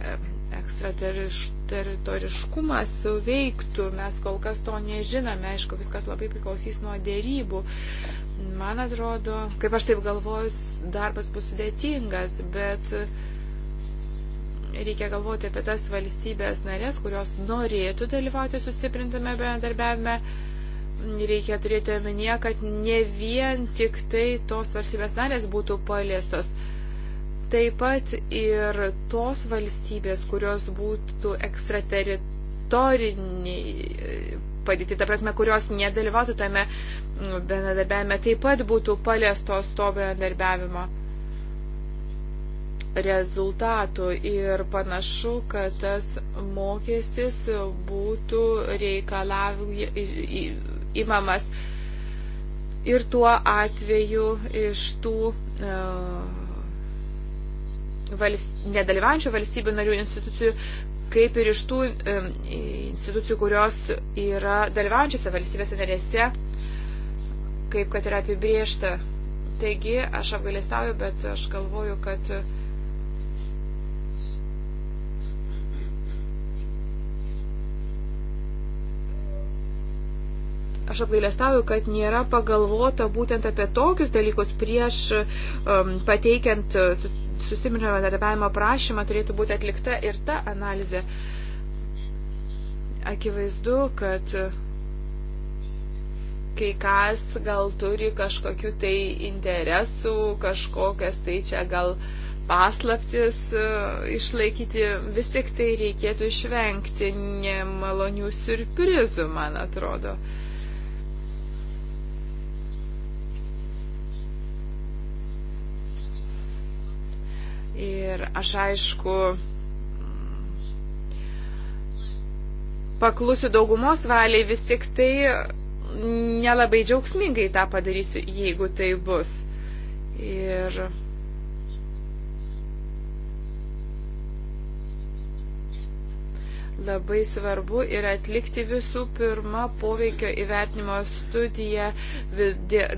ekstrateritorinis teritoriškumas veiktų. Mes kol kas to nežinome, aišku, viskas labai priklausys nuo dėrybų. Man atrodo, kaip aš taip galvoju, darbas bus sudėtingas, bet reikia galvoti apie tas valstybės narės, kurios norėtų dalyvauti sustiprintame bendarbiavime reikia turėti omenyje, kad ne vien tik tai tos valstybės narės būtų paliestos. Taip pat ir tos valstybės, kurios būtų ekstrateritoriniai e, padėti, ta prasme, kurios nedalyvautų tame bendradarbiavime, taip pat būtų paliestos to bendradarbiavimo rezultatų ir panašu, kad tas mokestis būtų reikalavimas ir tuo atveju iš tų uh, valst, nedalyvaujančių valstybių narių institucijų, kaip ir iš tų institucijų, kurios yra dalyvaujančiose valstybėse narėse, kaip kad yra apibriešta. Taigi aš apgailestauju, bet aš galvoju, kad aš apgailestauju, kad nėra pagalvota būtent apie tokius dalykus prieš um, pateikiant sustiprinio bendradarbiavimo prašymą turėtų būti atlikta ir ta analizė. Akivaizdu, kad kai kas gal turi kažkokių tai interesų, kažkokias tai čia gal paslaptis e, išlaikyti, vis tik tai reikėtų išvengti nemalonių surprizų, man atrodo. Uh, Ir aš aišku, paklusiu daugumos valiai, vis tik tai nelabai džiaugsmingai tą padarysiu, jeigu tai bus. Ir labai svarbu yra atlikti visų pirma poveikio įvertinimo studiją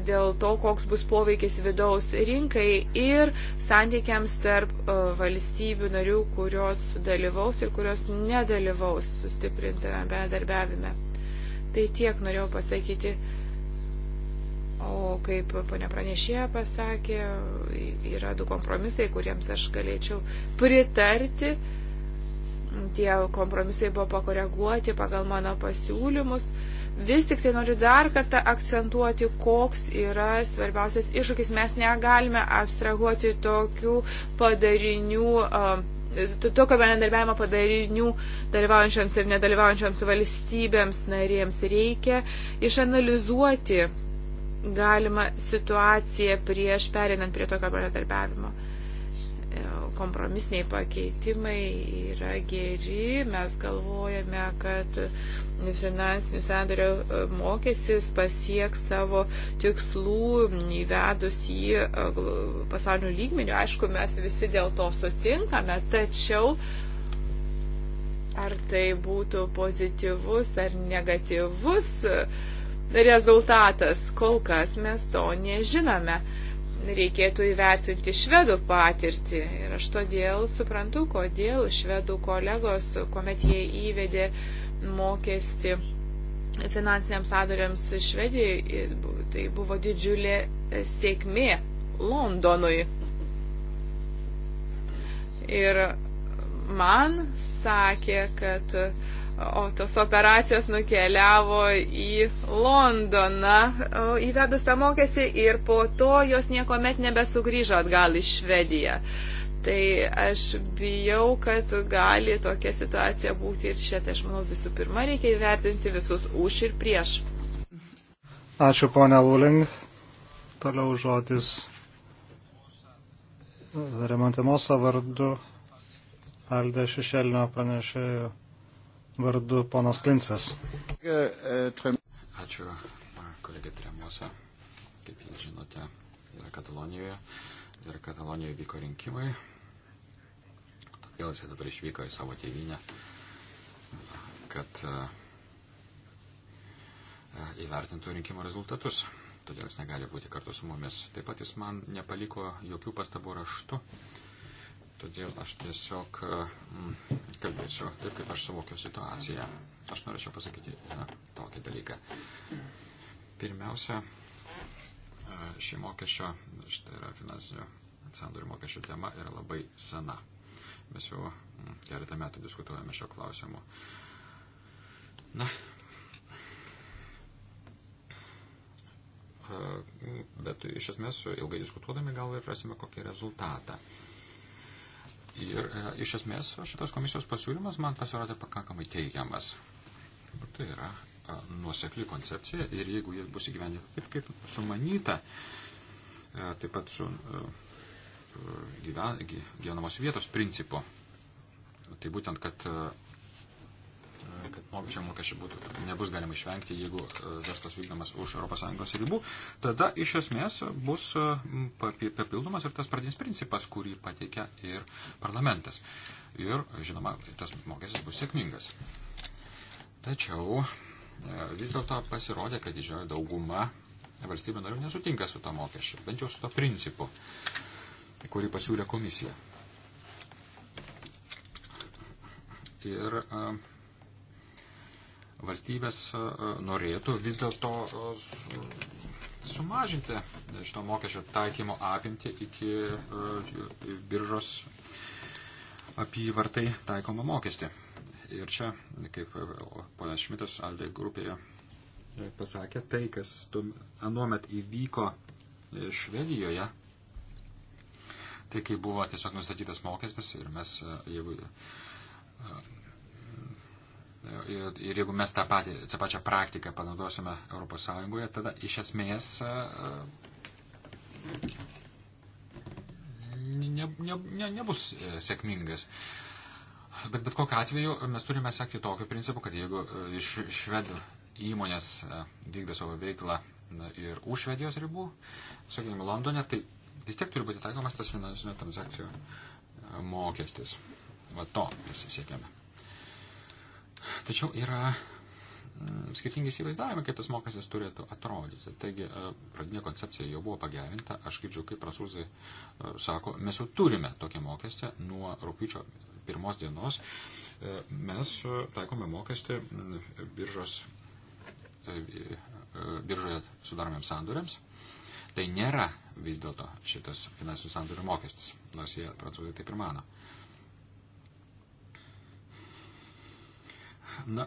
dėl to, koks bus poveikis vidaus rinkai ir santykiams tarp valstybių narių, kurios dalyvaus ir kurios nedalyvaus sustiprintame bendarbiavime. Tai tiek norėjau pasakyti. O kaip ponia pranešėja pasakė, yra du kompromisai, kuriems aš galėčiau pritarti tie kompromisai buvo pakoreguoti pagal mano pasiūlymus. Vis tik tai noriu dar kartą akcentuoti, koks yra svarbiausias iššūkis. Mes negalime abstrahuoti tokių padarinių. Uh, tokio bendradarbiavimo padarinių dalyvaujančioms ir nedalyvaujančioms valstybėms narėms reikia išanalizuoti galima situaciją prieš perinant prie tokio bendradarbiavimo kompromisiniai pakeitimai yra geri. Mes galvojame, kad finansinių sandorio e, mokestis pasieks savo tikslų įvedus į e, pasaulio lygmenį. Aišku, mes visi dėl to sutinkame, tačiau ar tai būtų pozityvus ar negatyvus e, rezultatas, kol kas mes to nežinome reikėtų įvertinti švedų patirtį. Ir aš todėl suprantu, kodėl švedų kolegos, kuomet jie įvedė mokestį finansiniams sandoriams Švedijoje, tai buvo didžiulė e, sėkmė Londonui. Ir man sakė, kad uh, O tos operacijos nukeliavo į Londoną, įvedus tą mokestį ir po to jos niekuomet nebesugrįžo atgal į Švediją. Tai aš bijau, kad gali tokia situacija būti ir čia. Tai aš manau, visų pirma, reikia įvertinti visus už ir prieš. Ačiū, ponia Luling. Toliau žodis Remontimosa vardu Aldė Šešelino pranešėjo vardu ponas Klinsas. Ačiū, kolegė Tremosa. Kaip jūs žinote, yra Katalonijoje ir Katalonijoje vyko rinkimai. Todėl jis dabar išvyko į savo tėvynę, kad e, e, įvertintų rinkimų rezultatus. Todėl jis negali būti kartu su mumis. Taip pat jis man nepaliko jokių pastabų raštų Todėl aš tiesiog e, kalbėsiu taip, kaip aš suvokiu situaciją. Aš norėčiau pasakyti na, e, tokį dalyką. Pirmiausia, e, šį mokesčio, štai yra finansinių sandorių mokesčio tema, yra labai sena. Mes jau keletą metų diskutuojame šio klausimu. Na, bet iš esmės ilgai diskutuodami gal ir rasime kokį rezultatą. Uh, Ir e, iš esmės šitas komisijos pasiūlymas man pasirodė pakankamai teigiamas. Tai yra e, nuosekli koncepcija ir jeigu jis bus įgyvendinta taip, kaip sumanyta, e, taip pat su e, gyven, gyvenamos vietos principu, tai būtent, kad e, kad mokesčio mokesčio būtų, nebus galima išvengti, jeigu e, verslas vykdomas už ES ribų, tada iš esmės bus e, papildomas ir tas pradinis principas, kurį pateikia ir parlamentas. Ir, žinoma, tas mokestis bus sėkmingas. Tačiau e, vis dėlto pasirodė, kad didžioji dauguma valstybė narių nesutinka su to mokesčiu, bent jau su to principu, kurį pasiūlė komisija. Ir uh, valstybės e, e, norėtų vis dėlto e, sumažinti šito mokesčio taikymo apimti iki biržos apyvartai taikomą mokestį. Ir čia, kaip ponas Šmitas Aldė grupėje pasakė, tai, kas anuomet įvyko Švedijoje, tai kai buvo tiesiog nustatytas mokestis ir mes, jeigu Ir, ir jeigu mes tą, patį, tą pačią praktiką panaudosime ES, tada iš esmės e, ne, ne, ne, nebus e, sėkmingas. Bet bet kokiu atveju mes turime sekti tokiu principu, kad jeigu e, iš švedų įmonės vykdo savo veiklą ir už Švedijos ribų, sakykime, Londone, tai vis tiek turi būti taikomas tas finansinio transakcijų mokestis. Va to mes siekiame. Tačiau yra mm, skirtingi įsivaizdavimai, kaip tas mokestis turėtų atrodyti. Taigi, e, pradinė koncepcija jau buvo pagerinta. Aš girdžiu, kaip prancūzai e, sako, mes jau turime tokį mokestį nuo rūpiučio pirmos dienos. E, mes taikome mokestį mm, biržos, biržoje sudaromiems sandoriams. Tai nėra vis dėlto šitas finansinių sandorių mokestis, nors jie prancūzai taip ir mano. Uh, Na,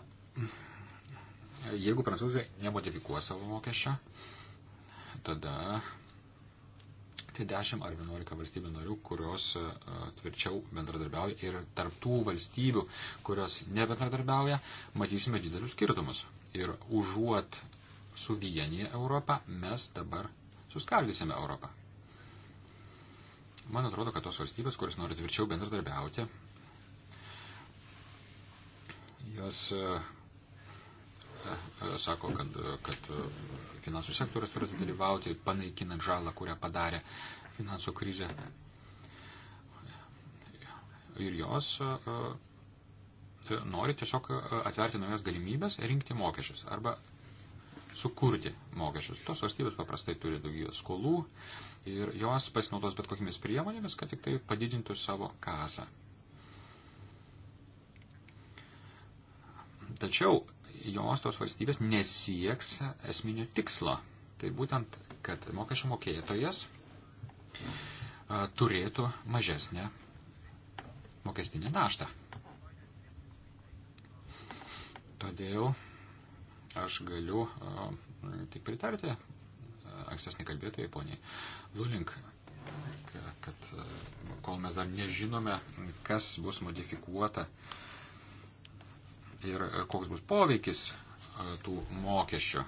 jeigu prancūzai nemodifikuos savo mokesčio, tada tai 10 ar 11 valstybių narių, kurios e, tvirčiau bendradarbiauja ir tarptų valstybių, kurios nebendradarbiauja, matysime didelius skirtumus. Ir užuot suvienyje Europą, mes dabar suskaldysime Europą. Man atrodo, kad tos valstybės, kuris nori tvirčiau bendradarbiauti, Jos e, e, e, sako, kad, kad finansų sektorius turėtų dalyvauti, panaikinant žalą, kurią padarė finansų krizė. Ir jos nori tiesiog atverti naujas galimybės rinkti mokesčius arba sukurti mokesčius. Tos valstybės paprastai turi daugybę skolų ir jos pasinaudos bet kokiamis priemonėmis, kad tik tai padidintų savo kasą. Tačiau jos tos valstybės nesieks esminio tikslo. Tai būtent, kad mokesčio mokėtojas turėtų mažesnę mokestinę naštą. Todėl aš galiu tik pritarti ankstesnį kalbėtojai, poniai Lulink, kad kol mes dar nežinome, kas bus modifikuota uh, ir e, koks bus poveikis e, tų mokesčių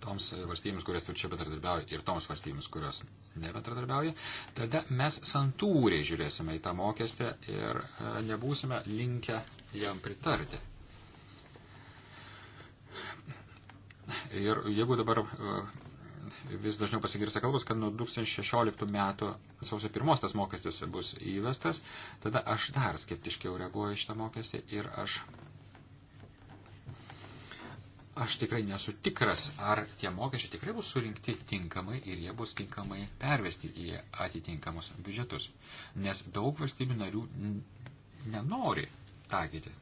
toms valstybėms, kurios turi čia bendradarbiauja ir toms valstybėms, kurios nebendradarbiauja, tada mes santūriai žiūrėsime į tą mokestį ir e, nebūsime linkę jam pritarti. Ir jeigu dabar vis dažniau pasigirsta kalbos, kad nuo 2016 metų sausio pirmos tas mokestis bus įvestas, tada aš dar skeptiškiau reaguoju šitą mokestį ir aš, aš tikrai nesu tikras, ar tie mokesčiai tikrai bus surinkti tinkamai ir jie bus tinkamai pervesti į atitinkamus biudžetus, nes daug valstybių narių nenori taikyti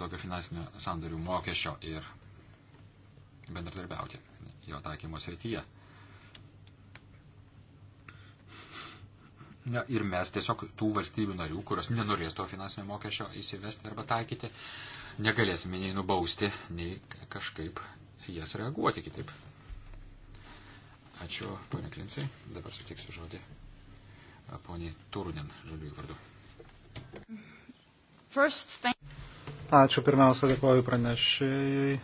tokio finansinio sandorių mokesčio ir bendradarbiauti jo taikymo srityje. Na, ir mes tiesiog tų valstybių narių, kurios nenorės to finansinio mokesčio įsivesti arba taikyti, negalėsime nei nubausti, nei kažkaip jas reaguoti kitaip. Ačiū, ponė Klincai. Dabar sutiksiu žodį poniai Turudin, žaliųjų vardu. First, Ačiū pirmiausia, dėkoju pranešėjai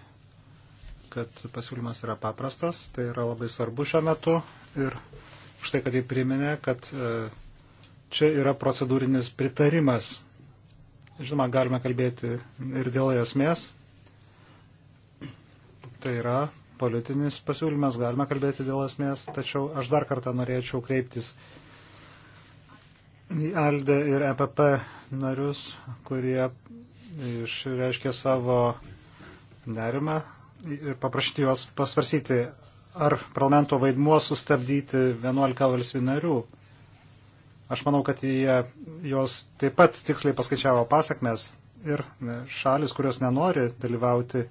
kad pasiūlymas yra paprastas, tai yra labai svarbu šiuo metu ir už tai, kad jį priminė, kad e, čia yra procedūrinis pritarimas. Žinoma, galime kalbėti ir dėl esmės. Tai yra politinis pasiūlymas, galime kalbėti dėl esmės, tačiau aš dar kartą norėčiau kreiptis į Aldę ir EPP narius, kurie išreiškė savo nerimą ir paprašyti juos pasvarsyti, ar parlamento vaidmuo sustabdyti 11 valstybių narių. Aš manau, kad jie, jos taip pat tiksliai paskaičiavo pasakmes ir e, šalis, kurios nenori dalyvauti,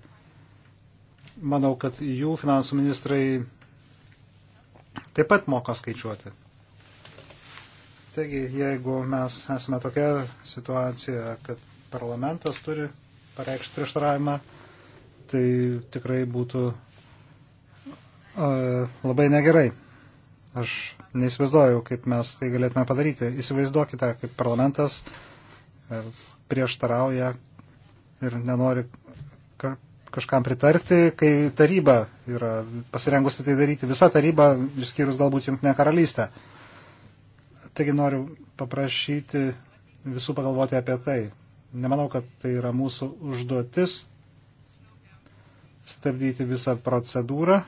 manau, kad jų finansų ministrai taip pat moka skaičiuoti. Taigi, jeigu mes esame tokia situacija, kad parlamentas turi pareikšti prieštaravimą, tai tikrai būtų labai negerai. Aš neįsivaizduoju, kaip mes tai galėtume padaryti. Įsivaizduokite, kaip parlamentas e, prieštarauja ir nenori kažkam pritarti, kai taryba yra pasirengusi tai daryti. Visa taryba, išskyrus galbūt Junktinę karalystę. Taigi noriu paprašyti visų pagalvoti apie tai. Nemanau, kad tai yra mūsų užduotis stabdyti visą procedūrą,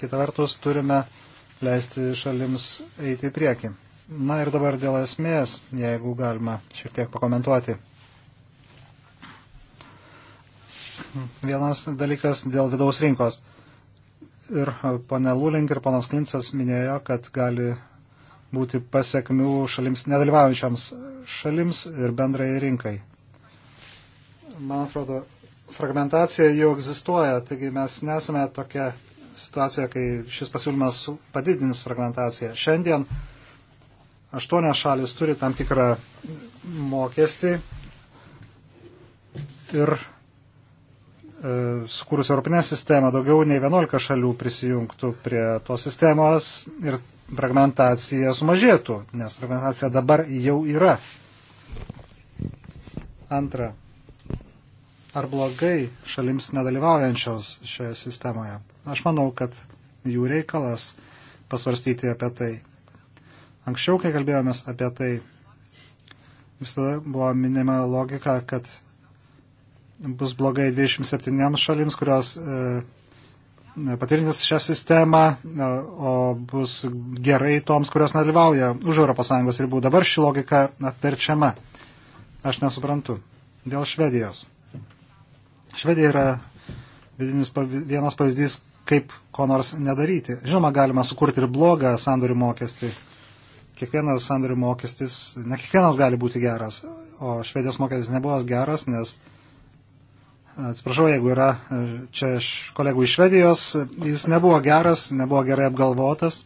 kita vertus turime leisti šalims eiti į priekį. Na ir dabar dėl esmės, jeigu galima šiek tiek pakomentuoti. Vienas dalykas dėl vidaus rinkos. Ir pane Lūlink ir panas Klincas minėjo, kad gali būti pasiekmių šalims nedalyvaujančiams šalims ir bendrai rinkai. Man atrodo, fragmentacija jau egzistuoja, taigi mes nesame tokia situacija, kai šis pasiūlymas padidins fragmentaciją. Šiandien aštuonios šalis turi tam tikrą mokestį ir e, sukūrus Europinę sistemą daugiau nei 11 šalių prisijungtų prie tos sistemos ir fragmentacija sumažėtų, nes fragmentacija dabar jau yra. Antra ar blogai šalims nedalyvaujančios šioje sistemoje. Aš manau, kad jų reikalas pasvarstyti apie tai. Anksčiau, kai kalbėjomės apie tai, visada buvo minima logika, kad bus blogai 27 šalims, kurios e, patirintis šią sistemą, e, o bus gerai toms, kurios nedalyvauja už ES ribų. Dabar ši logika apverčiama. Aš nesuprantu. Dėl Švedijos. Švedija yra vidinis, vienas pavyzdys, kaip ko nors nedaryti. Žinoma, galima sukurti ir blogą sandorių mokestį. Kiekvienas sandorių mokestis, ne kiekvienas gali būti geras, o švedijos mokestis nebuvo geras, nes, atsiprašau, jeigu yra čia iš kolegų iš Švedijos, jis nebuvo geras, nebuvo gerai apgalvotas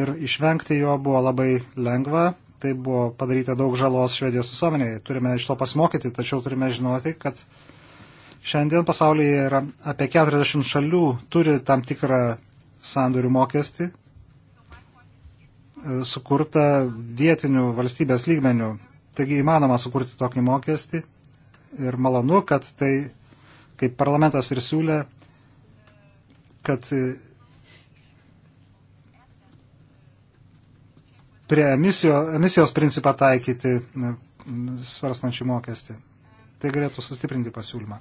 ir išvengti jo buvo labai lengva, tai buvo padaryta daug žalos švedijos visuomenėje. Turime iš to pasimokyti, tačiau turime žinoti, kad uh, Šiandien pasaulyje yra apie 40 šalių turi tam tikrą sandorių mokestį, e, sukurta vietinių valstybės lygmenių. Taigi įmanoma sukurti tokį mokestį ir malonu, kad tai, kaip parlamentas ir siūlė, kad e, prie emisijo, emisijos principą taikyti e, svarstančių mokestį. Tai galėtų sustiprinti pasiūlymą.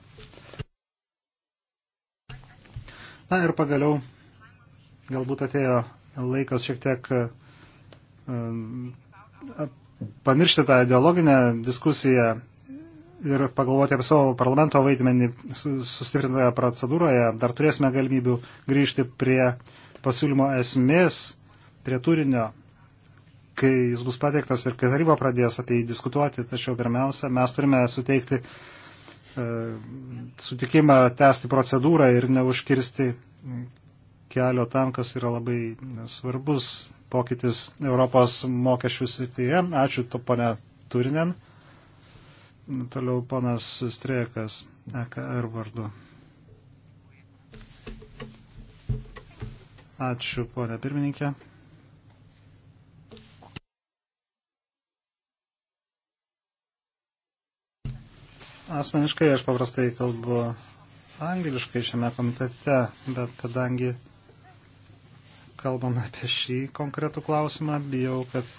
Na ir pagaliau galbūt atėjo laikas šiek tiek e, pamiršti tą ideologinę diskusiją ir pagalvoti apie savo parlamento vaidmenį sustiprintoje procedūroje. Dar turėsime galimybių grįžti prie pasiūlymo esmės, prie turinio, kai jis bus pateiktas ir kai taryba pradės apie jį diskutuoti. Tačiau pirmiausia, mes turime suteikti E, sutikimą tęsti procedūrą ir neužkirsti kelio tam, kas yra labai svarbus pokytis Europos mokesčių srityje. Ačiū to pone Turinen. Toliau ponas Strėkas, EKR vardu. Ačiū, ponė pirmininkė. Asmeniškai aš paprastai kalbu angliškai šiame komitete, bet kadangi kalbame apie šį konkretų klausimą, bijau, kad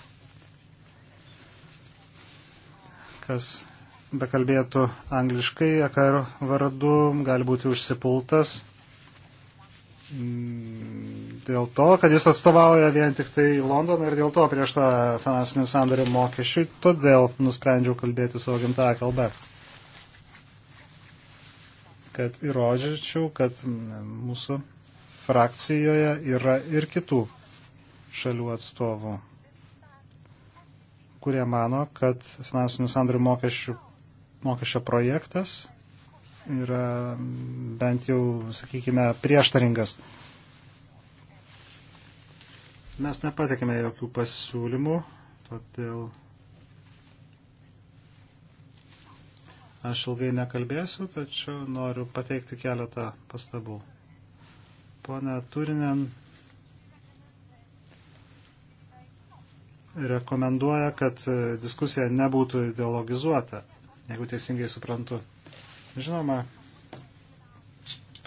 kas bekalbėtų angliškai, ekar vardu gali būti užsipultas mm, dėl to, kad jis atstovauja vien tik tai Londoną ir dėl to prieš tą finansinių sandarių mokesčių, todėl nusprendžiau kalbėti savo gimtąją kalbą kad įrodžičiau, kad mūsų frakcijoje yra ir kitų šalių atstovų, kurie mano, kad finansinių sandorių mokesčių, mokesčio projektas yra bent jau, sakykime, prieštaringas. Mes nepatekime jokių pasiūlymų, todėl Aš ilgai nekalbėsiu, tačiau noriu pateikti keletą pastabų. Pone Turinen rekomenduoja, kad diskusija nebūtų ideologizuota, jeigu teisingai suprantu. Žinoma,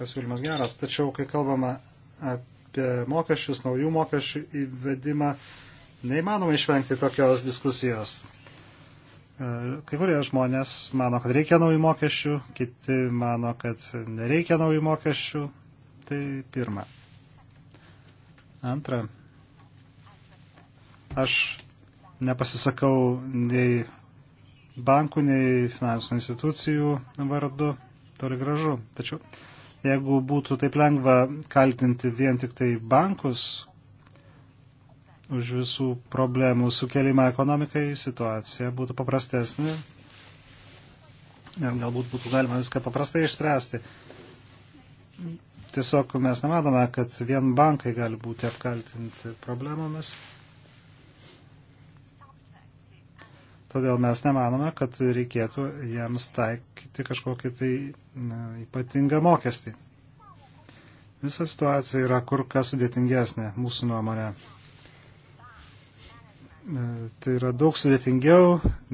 pasiūlymas geras, tačiau kai kalbama apie mokesčius, naujų mokesčių įvedimą, neįmanoma išvengti tokios diskusijos. E, kai kurie žmonės mano, kad reikia naujų mokesčių, kiti mano, kad nereikia naujų mokesčių. Tai pirma. Antra. Aš nepasisakau nei bankų, nei finansų institucijų vardu, toli gražu. Tačiau jeigu būtų taip lengva kaltinti vien tik tai bankus, už visų problemų sukelimą ekonomikai, situacija būtų paprastesnė ir galbūt būtų galima viską paprastai išspręsti. Tiesiog mes nematome, kad vien bankai gali būti apkaltinti problemomis. Todėl mes nemanome, kad reikėtų jiems taikyti kažkokį tai na, ypatingą mokestį. Visa situacija yra kur kas sudėtingesnė mūsų nuomonė. E, tai yra daug sudėtingiau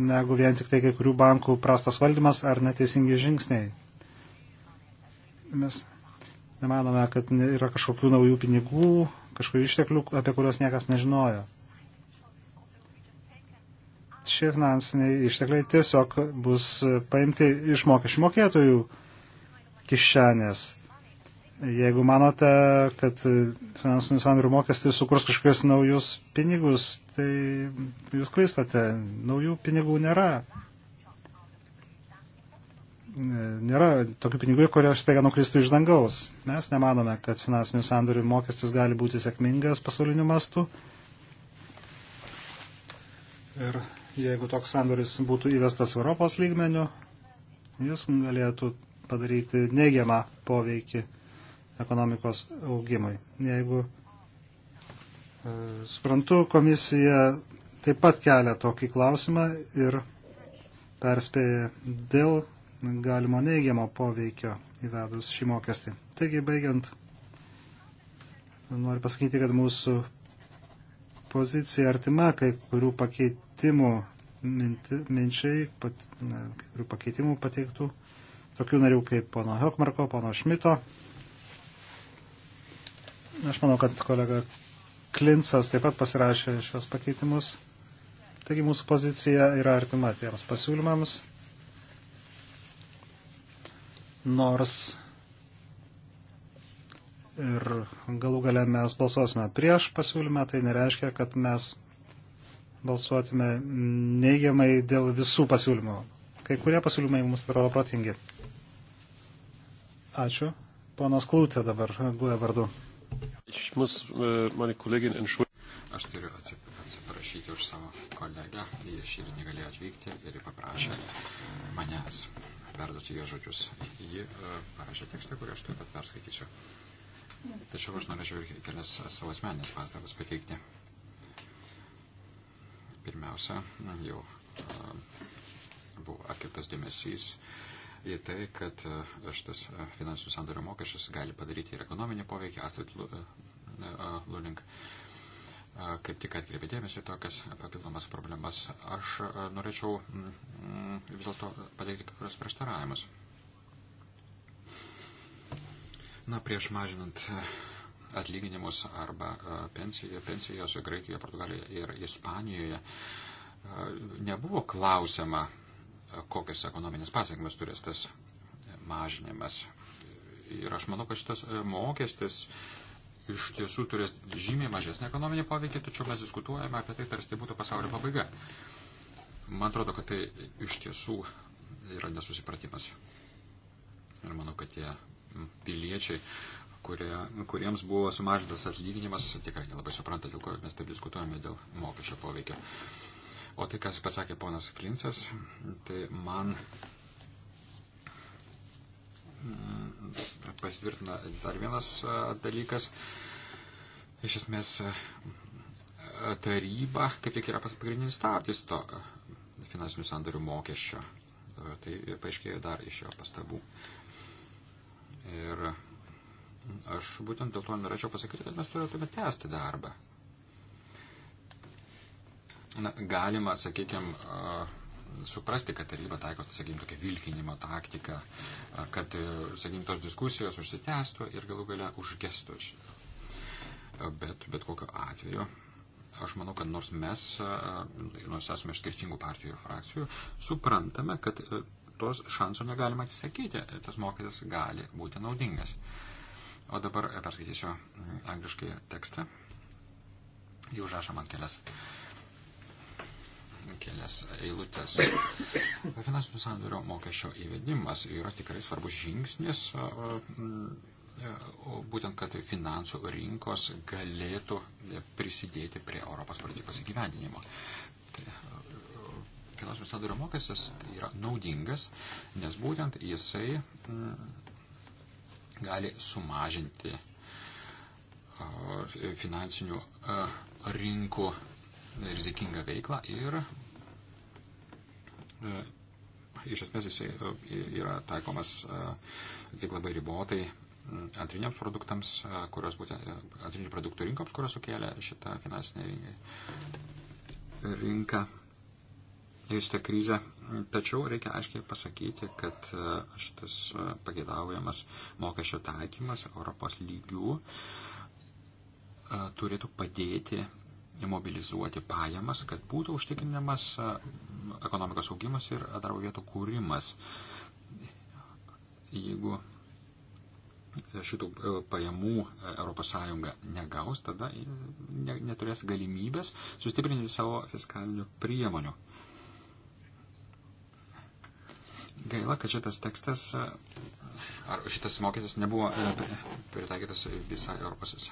negu vien tik tai kai kurių bankų prastas valdymas ar neteisingi žingsniai. Mes nemanome, kad yra kažkokių naujų pinigų, kažkokių išteklių, apie kuriuos niekas nežinojo. Šie finansiniai ištekliai tiesiog bus paimti iš mokesčių mokėtojų kišenės. Jeigu manote, kad finansinių sandorių mokestis sukurs kažkokius naujus pinigus, tai jūs klystate. Naujų pinigų nėra. Nėra tokių pinigų, kurie staiga nukristų iš dangaus. Mes nemanome, kad finansinių sandorių mokestis gali būti sėkmingas pasauliniu mastu. Ir jeigu toks sandoris būtų įvestas Europos lygmeniu, jis galėtų padaryti neigiamą poveikį ekonomikos augimui. Jeigu e, suprantu, komisija taip pat kelia tokį klausimą ir perspėja dėl galimo neigiamo poveikio įvedus šį mokestį. Taigi, baigiant, noriu pasakyti, kad mūsų pozicija artima kai kurių pakeitimų minti, minčiai, pat, ne, kai kurių pakeitimų pateiktų, tokių narių kaip pono Hokmarko, pono Šmito. Aš manau, kad kolega Klinsas taip pat pasirašė šios pakeitimus. Taigi mūsų pozicija yra artima tiems pasiūlymams. Nors ir galų gale mes balsuosime prieš pasiūlymą, tai nereiškia, kad mes balsuotume neigiamai dėl visų pasiūlymų. Kai kurie pasiūlymai mums atrodo protingi. Ačiū. Ponas Klūtė dabar guoja vardu. Äh, aš turiu atsiprašyti už savo kolegę, jie šįryt negalėjo atvykti ir paprašė manęs perduoti jo žodžius. Ji e, parašė tekstą, kurį aš taip pat perskaitysiu. Tačiau aš norėčiau ir kelias savo asmeninės pastabas pateikti. Pirmiausia, jau e, buvo atkirtas dėmesys į tai, kad e, šitas e, finansinių sandorio mokesčius gali padaryti ir ekonominį poveikį. Astrid e, Luling kaip tik atkreipė dėmesį tokias papildomas problemas. Aš norėčiau vis dėlto pateikti kai kurios prieštaravimus. Na, prieš mažinant atlyginimus arba pensijos, pensijos Graikijoje, Portugalijoje ir Ispanijoje nebuvo klausima E, kokias ekonominės pasiekmes turės tas mažinimas. Ir aš manau, kad šitas e, mokestis iš tiesų turės žymiai mažesnį ekonominį poveikį, tačiau mes diskutuojame apie tai, tarsi tai būtų pasaulio pabaiga. Man atrodo, kad tai iš tiesų yra nesusipratimas. Ir manau, kad tie piliečiai, kurie, kuriems buvo sumažintas atlyginimas, tikrai nelabai supranta, dėl ko mes taip diskutuojame dėl mokesčio poveikio. Uh, O tai, kas pasakė ponas Klincas, tai man mm, pasitvirtina dar vienas dalykas. Iš esmės, taryba kaip tik yra pagrindinis startis to finansinių sandorių mokesčio. Tai paaiškėjo dar iš jo pastabų. Ir aš būtent dėl to norėčiau pasakyti, kad mes turėtume tęsti darbą na, galima, sakykime, suprasti, kad taryba taiko, sakykime, tokią vilkinimo taktiką, kad, e, sakykime, tos diskusijos užsitęstų ir galų gale užgestų. Bet, bet kokiu atveju, aš manau, kad nors mes, nors esame iš skirtingų partijų ir frakcijų, suprantame, kad e, tos šansų negalima atsisakyti, tas mokytis gali būti naudingas. O dabar perskaitysiu angliškai tekstą. Jau užrašom man kelias uh, kelias eilutės. Finansinių sandorio mokesčio įvedimas yra tikrai svarbus žingsnis, būtent, kad finansų rinkos galėtų prisidėti prie Europos politikos įgyvendinimo. Tai, finansinių sandorio mokestis yra naudingas, nes būtent jisai mm, gali sumažinti finansinių rinkų rizikingą veiklą ir e, iš esmės jisai e, yra taikomas e, tik labai ribotai antriniams produktams, kurios būtent antrinių produktų rinkoms, kurios sukėlė šitą finansinę rinką ir šitą krizę. Tačiau reikia aiškiai pasakyti, kad šitas pagėdaujamas mokesčio taikymas Europos lygių turėtų padėti mobilizuoti pajamas, kad būtų užtikrinamas ekonomikos augimas ir darbo vietų kūrimas. Jeigu šitų e, pajamų ES negaus, tada neturės galimybės sustiprinti savo fiskalinių priemonių. Gaila, kad šitas tekstas ar šitas mokestis nebuvo e, pritaikytas visai ES.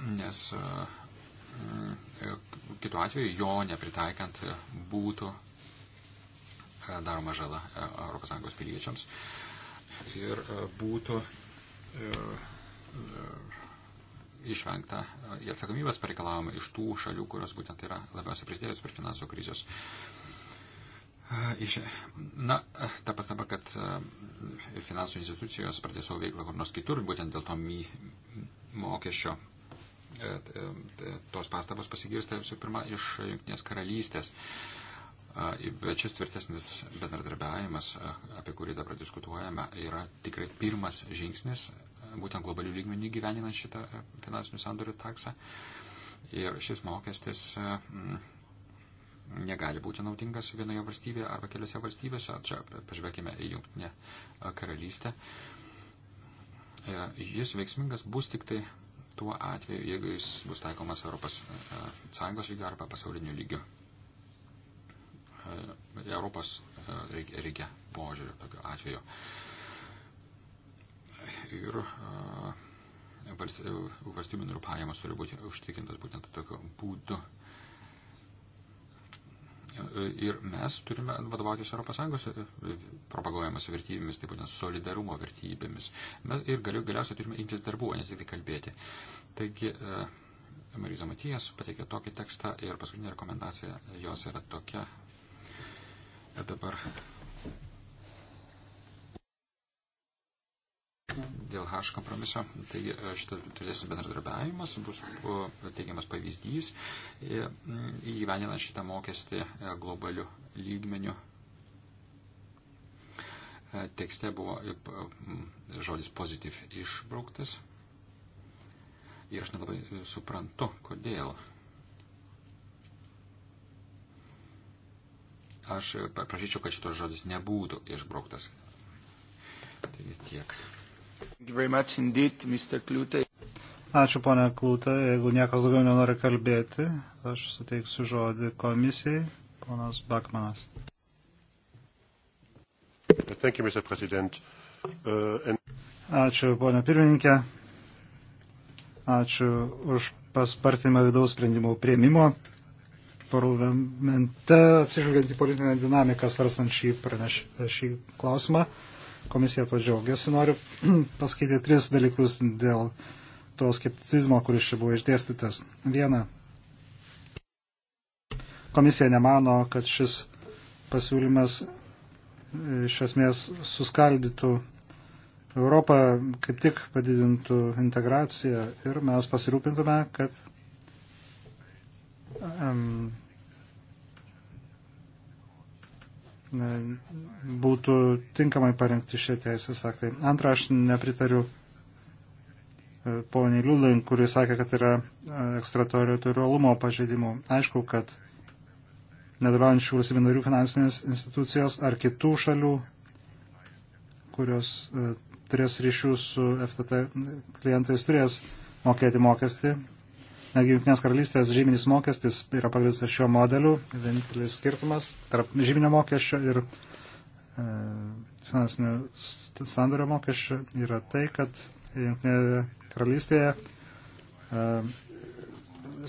nes e, e, kitu atveju jo nepritaikant e, būtų daroma žala ES piliečiams ir būtų išvengta į atsakomybės pareikalavimą iš tų šalių, kurios būtent yra labiausiai prisidėjus prie finansų krizės. Iš, na, ta pastaba, kad finansų institucijos pradės savo veiklą kur nors kitur, būtent dėl to mokesčio E, e, tos pastabos pasigirsta visų pirma iš Junktinės karalystės. Bet šis tvirtesnis bendradarbiavimas, apie kurį dabar diskutuojame, yra tikrai pirmas žingsnis, būtent globalių lygmenių gyveninant šitą finansinių sandorių taksą. Ir šis mokestis negali būti naudingas vienoje valstybėje arba keliose valstybėse. Čia pažvelgime į Junktinę karalystę. Jis veiksmingas bus tik tai tuo atveju, jeigu jis bus taikomas Europos e, Sąjungos lygio arba pasauliniu lygiu. E, Europos e, reikia požiūrio tokiu atveju. Ir valstybių narių pajamos turi būti užtikrintas būtent tokiu būdu. A, ir mes turime vadovautis ES e, e, propaguojamas vertybėmis, taip būtent solidarumo vertybėmis. Ir galiu, galiausiai turime imtis darbų, nes tik tai kalbėti. Taigi, e, Marisa Matijas pateikė tokį tekstą ir paskutinė rekomendacija jos yra tokia. Dabar dėl H kompromiso. Taigi e, šitas turėsis bendradarbiavimas bus teigiamas pavyzdys e, įgyveninant šitą mokestį e, globaliu lygmeniu. Tekste buvo žodis pozitiv išbrauktas. Ir aš nelabai suprantu, kodėl. Aš prašyčiau, kad šitos žodis nebūtų išbrauktas. Taigi tiek. Indeed, Ačiū, ponia Klūta. Jeigu niekas daugiau nenori kalbėti, aš suteiksiu žodį komisijai, ponas Bakmanas. Thank you, Mr. President. Uh, and... Ačiū, ponia pirmininkė. Ačiū už paspartinimą vidaus sprendimų prieimimo parlamente, atsižvelgiant į politinę dinamiką svarstant šį, praneš, šį klausimą. Uh, komisija to džiaugiasi. Noriu pasakyti tris dalykus dėl to skepticizmo, kuris čia buvo išdėstytas. Viena. Komisija nemano, kad šis pasiūlymas iš esmės suskaldytų Europą, kaip tik padidintų integraciją ir mes pasirūpintume, kad būtų tinkamai parengti šie teisės aktai. Antra, aš nepritariu e, poniai Liulin, kuris sakė, kad yra e, ekstraterritorialumo pažeidimų. Aišku, kad nedalyvaujančių valstybių narių finansinės institucijos ar kitų šalių, kurios e, turės ryšių su FTT klientais, turės mokėti mokestį Negi Junktinės karalystės žyminis mokestis yra pagrįstas šiuo modeliu, vienintelis skirtumas tarp žyminio mokesčio ir e, finansinių sandorio mokesčių yra tai, kad Junktinėje karalystėje e,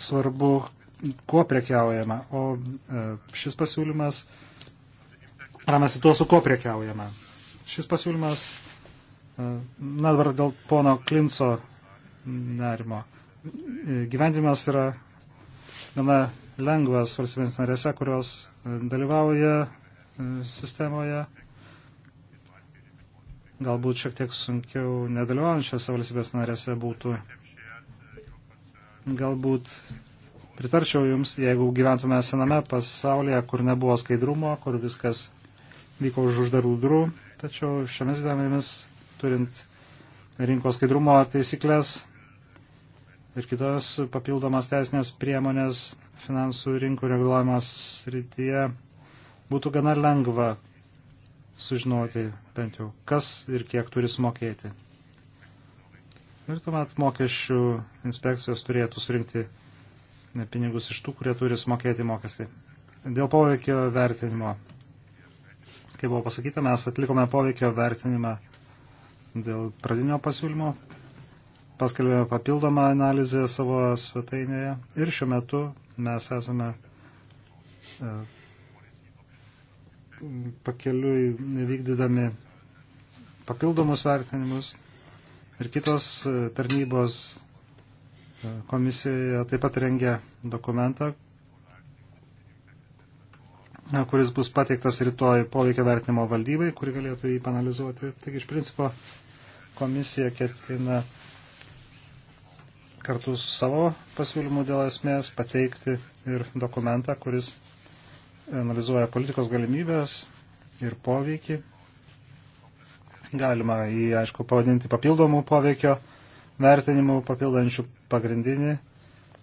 svarbu, kuo prekiaujama, o e, šis pasiūlymas ramasi tuo, su kuo prekiaujama. Šis pasiūlymas, e, na dabar dėl pono Klinco nerimo. E, gyvendimas yra gana lengvas valstybės narėse, kurios e, dalyvauja e, sistemoje. Galbūt šiek tiek sunkiau nedalyvaujančiose valstybės narėse būtų. Galbūt pritarčiau Jums, jeigu gyventume sename pasaulyje, kur nebuvo skaidrumo, kur viskas vyko už uždarų durų, tačiau šiomis dienomis turint rinkos skaidrumo taisyklės ir kitos papildomas teisinės priemonės finansų rinkų reguliavimas srityje būtų gana lengva sužinoti bent jau, kas ir kiek turi sumokėti. Ir tuomet mokesčių inspekcijos turėtų surinkti pinigus iš tų, kurie turi sumokėti mokestį. Dėl poveikio vertinimo. Kaip buvo pasakyta, mes atlikome poveikio vertinimą dėl pradinio pasiūlymo, paskelbėme papildomą analizę savo svetainėje ir šiuo metu mes esame e, pakeliui vykdydami papildomus vertinimus ir kitos e, tarnybos e, komisijoje taip pat rengia dokumentą, kuris bus pateiktas rytoj poveikio vertinimo valdybai, kuri galėtų jį panalizuoti. Taigi iš principo komisija ketina kartu su savo pasiūlymu dėl esmės pateikti ir dokumentą, kuris analizuoja politikos galimybės ir poveikį. Galima jį, aišku, pavadinti papildomų poveikio vertinimų, papildančių pagrindinį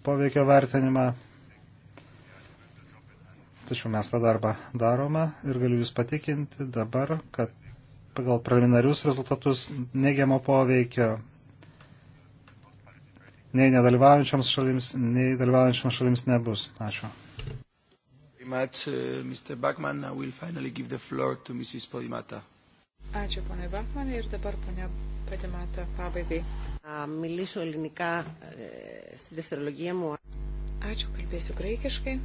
poveikio vertinimą. Tačiau mes tą darbą darome ir galiu Jūs patikinti dabar, kad pagal preliminarius rezultatus neigiamo poveikio nei nedalyvaujančiams šalims, nei dalyvaujančiams šalims nebus. Ačiū. Much, uh, Bachman, Ačiū, ponai Bachmanai, ir dabar ponia Padimata pabaigai. Μιλήσω ελληνικά στη δευτερολογία μου. Ačiū, kalbėsiu graikiškai.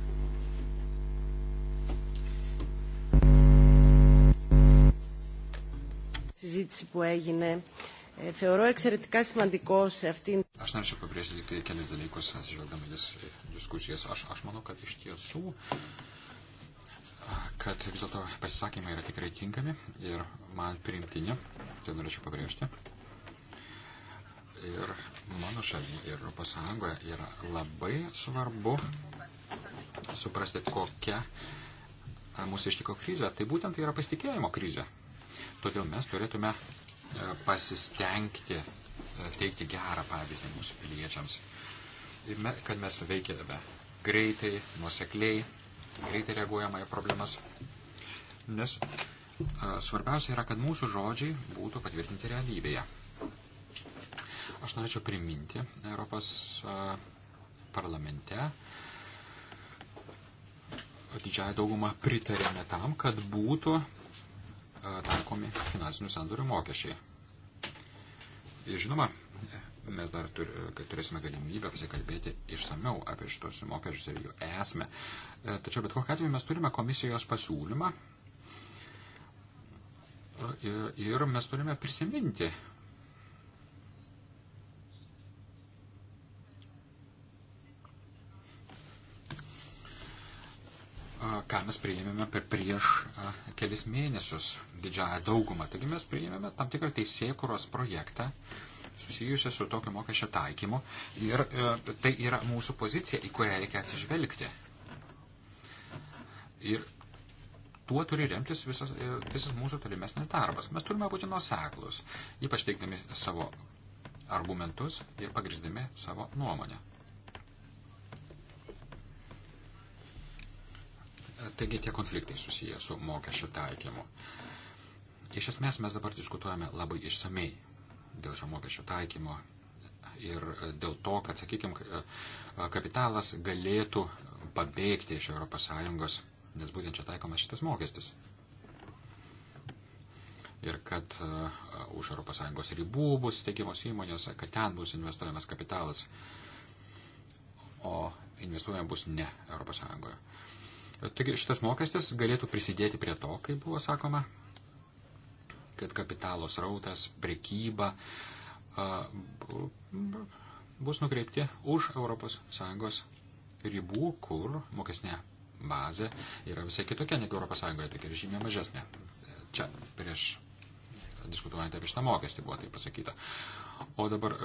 Συζήτηση που έγινε Θεωρώ εξαιρετικά σημαντικό σε αυτήν. Aš norėčiau pabrėžti tik tai kelis dalykus, atsižvelgdami vis diskusijas. Aš, aš manau, kad iš tiesų, kad vis dėlto pasisakymai yra tikrai tinkami ir man priimtini, tai norėčiau pabrėžti. Ir mano šalyje ir Europos Sąjungoje yra labai svarbu suprasti, kokia mūsų ištiko krizė. Tai būtent tai yra pasitikėjimo krizė. Todėl mes turėtume E, pasistengti e, teikti gerą pavyzdį mūsų piliečiams. Ir me, kad mes veikėme greitai, nusekliai, greitai reaguojama į problemas. Nes a, e, svarbiausia yra, kad mūsų žodžiai būtų patvirtinti realybėje. Aš norėčiau priminti Europos a, parlamente. Didžiąją daugumą pritarėme tam, kad būtų E, taikomi finansinių sandorių mokesčiai. Ir žinoma, mes dar tur, turėsime galimybę pasikalbėti išsameu apie šitos mokesčius ir jų esmę. E, tačiau bet kokiu atveju mes turime komisijos pasiūlymą e, ir mes turime prisiminti ką mes priėmėme per prieš kelis mėnesius didžiąją daugumą. Taigi mes priėmėme tam tikrą teisėkuros projektą susijusią su tokio mokesčio taikymu ir e, tai yra mūsų pozicija, į kurią reikia atsižvelgti. Ir tuo turi remtis visas, e, visas mūsų tolimesnis darbas. Mes turime būti nuoseklus, ypač teikdami savo argumentus ir pagrįsdami savo nuomonę. Taigi tie konfliktai susiję su mokesčių taikymu. Iš esmės mes dabar diskutuojame labai išsamei dėl šio mokesčio taikymo ir dėl to, kad, sakykime, kapitalas galėtų pabėgti iš ES, nes būtent čia taikomas šitas mokestis. Ir kad e, už ES ribų bus steigiamos įmonės, kad ten bus investuojamas kapitalas, o investuojama bus ne ES. Taigi šitas mokestis galėtų prisidėti prie to, kaip buvo sakoma, kad kapitalos rautas, prekyba a, bus nukreipti už ES ribų, kur mokesnė bazė yra visai kitokia negu ES, tokia ir žymiai mažesnė. Čia prieš diskutuojant apie šitą mokestį buvo tai pasakyta. O dabar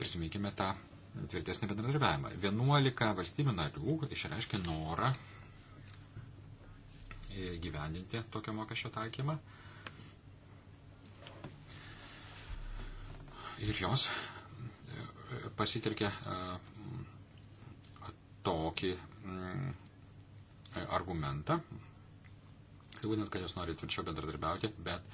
prisiminkime tą tvirtesnį bendradarbiavimą. 11 valstybių narių išreiškė norą gyvendinti tokio mokesčio taikymą. Ir jos e, pasitelkė e, tokį mm, e, argumentą, tai būtent, kad jos nori tvirčiau bendradarbiauti, bet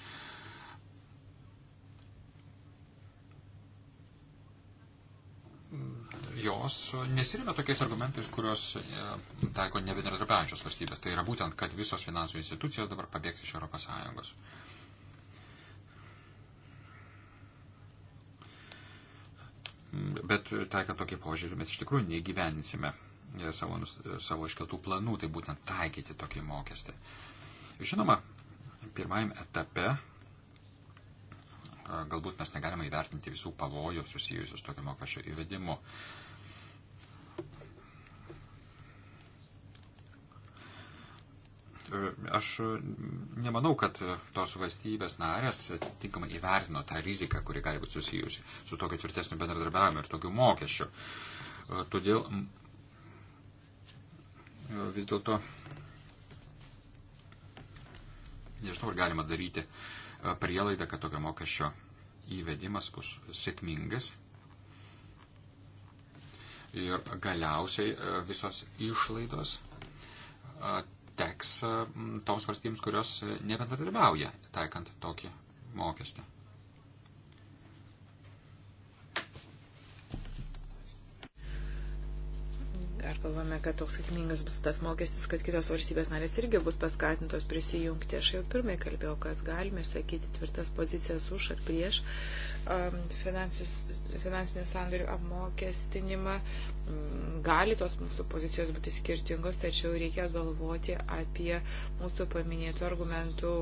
jos nesirime tokiais argumentais, kurios e, taiko nebendradarbiaujančios valstybės. Tai yra būtent, kad visos finansų institucijos dabar pabėgs iš ES. Bet taikant tokį požiūrį mes iš tikrųjų neįgyveninsime e, savo, e, savo iškeltų planų, tai būtent taikyti tokį mokestį. Žinoma, pirmajam etape galbūt mes negalime įvertinti visų pavojų susijusių su tokio mokesčio įvedimu. E, aš nemanau, kad tos valstybės narės tinkamai įvertino tą riziką, kuri gali būti susijusi su tokio tvirtesniu bendradarbiavimu ir tokiu mokesčiu. E, todėl e, vis dėlto nežinau, ar galima daryti uh, prielaida, kad tokio mokesčio įvedimas bus sėkmingas. Ir galiausiai e, visos išlaidos e, teks toms valstybėms, kurios e, nebendradarbiauja taikant tokį mokestį. pergalvome, kad toks sėkmingas bus tas mokestis, kad kitos valstybės narės irgi bus paskatintos prisijungti. Aš jau pirmai kalbėjau, kad galime išsakyti tvirtas pozicijas už ar prieš um, finansinių sandorių apmokestinimą. Mm, gali tos mūsų pozicijos būti skirtingos, tačiau reikia galvoti apie mūsų paminėtų argumentų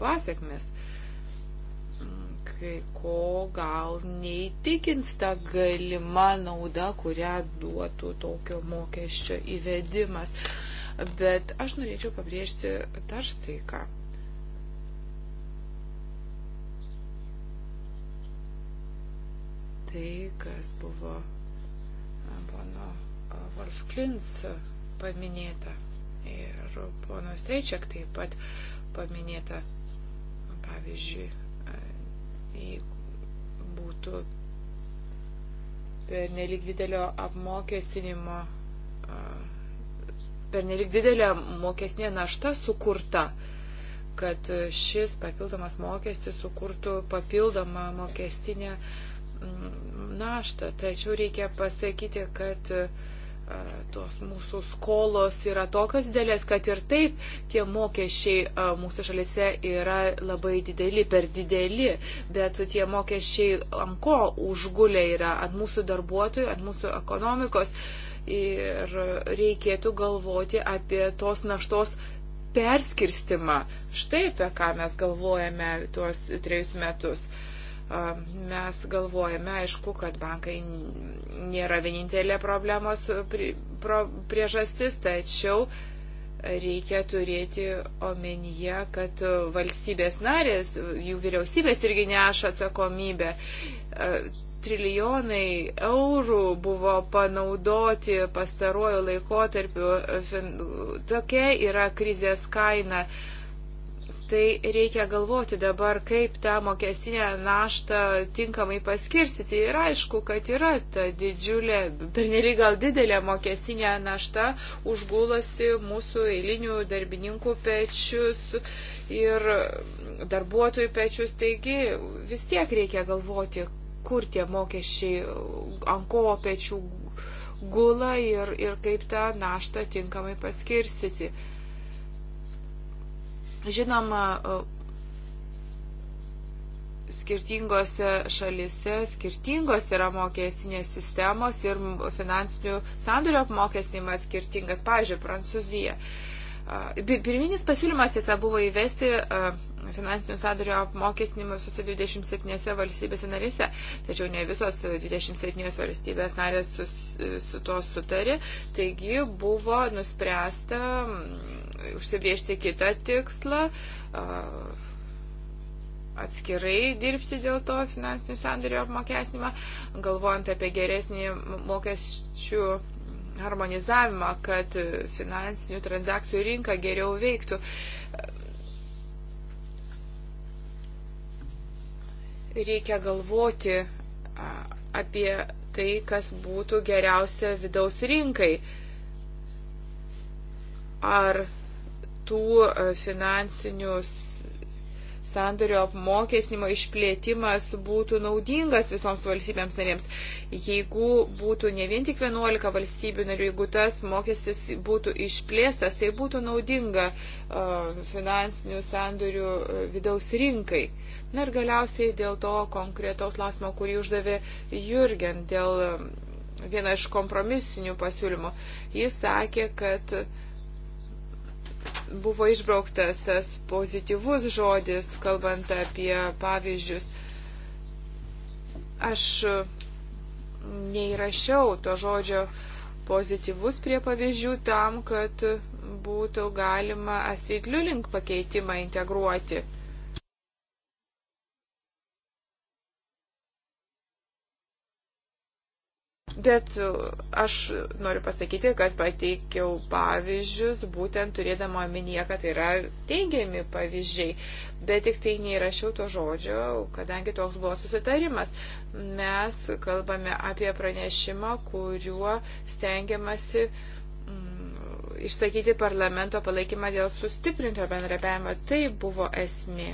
pasiekmes kai ko gal neįtikins ta galima nauda, kurią duotų tokio mokesčio įvedimas. Bet aš norėčiau pabrėžti dar štai ką. Tai, kas buvo pono Wolf Klins paminėta ir pono Streičiak taip pat paminėta, pavyzdžiui, būtų per nelik didelio apmokestinimo, per nelik didelė mokestinė našta sukurta, kad šis papildomas mokestis sukurtų papildomą mokestinę naštą. Tačiau reikia pasakyti, kad uh, E, tos mūsų skolos yra tokios didelės, kad ir taip tie mokesčiai e, mūsų šalise yra labai dideli, per dideli, bet tie mokesčiai ant ko užgulė yra, ant mūsų darbuotojų, ant mūsų ekonomikos ir reikėtų galvoti apie tos naštos perskirstimą. Štai apie ką mes galvojame tuos trejus metus. Uh, Mes galvojame, aišku, kad bankai nėra vienintelė problemos priežastis, tačiau reikia turėti omenyje, kad valstybės narės, jų vyriausybės irgi neša atsakomybę. E, trilijonai eurų buvo panaudoti pastaruoju laikotarpiu. Tokia yra krizės kaina. Tai reikia galvoti dabar, kaip tą mokestinę naštą tinkamai paskirstyti. Ir aišku, kad yra ta didžiulė, pernelyg gal didelė mokestinė našta užgulasi mūsų eilinių darbininkų pečius ir darbuotojų pečius. Taigi vis tiek reikia galvoti, kur tie mokesčiai ant ko pečių gula ir, ir kaip tą naštą tinkamai paskirstyti. Žinoma, skirtingose šalise skirtingos yra mokestinės sistemos ir finansinių sandorių apmokestinimas skirtingas. Pavyzdžiui, Prancūzija. Uh, Pirminis pasiūlymas tiesa buvo įvesti finansinių sandorių apmokestinimą visose 27 valstybėse narėse, tačiau ne visos 27 valstybės narės su, su to sutari, taigi buvo nuspręsta mm, užsibriežti kitą tikslą atskirai dirbti dėl to finansinių sandorių apmokestinimą, galvojant apie geresnį mokesčių harmonizavimą, kad finansinių transakcijų rinka geriau veiktų. Reikia galvoti apie tai, kas būtų geriausia vidaus rinkai. Ar tų finansinius sandorio apmokesnimo išplėtimas būtų naudingas visoms valstybėms narėms, jeigu būtų ne vien tik 11 valstybių narių, jeigu tas mokestis būtų išplėstas, tai būtų naudinga uh, finansinių sandorių vidaus rinkai. Na ir galiausiai dėl to konkretaus klausimo, kurį uždavė Jurgen, dėl vieno iš kompromisinių pasiūlymų. Jis sakė, kad uh, buvo išbrauktas tas pozityvus žodis, kalbant apie pavyzdžius. Aš neįrašiau to žodžio pozityvus prie pavyzdžių tam, kad būtų galima Astrid Liulink pakeitimą integruoti. Bet e, aš noriu pasakyti, kad pateikiau pavyzdžius, būtent turėdama omenyje, kad tai yra teigiami pavyzdžiai, bet tik tai neįrašiau to žodžio, kadangi toks buvo susitarimas. Mes kalbame apie pranešimą, kuriuo stengiamasi mm, išsakyti parlamento palaikymą dėl sustiprinto bendrabiavimo. Tai buvo esmė.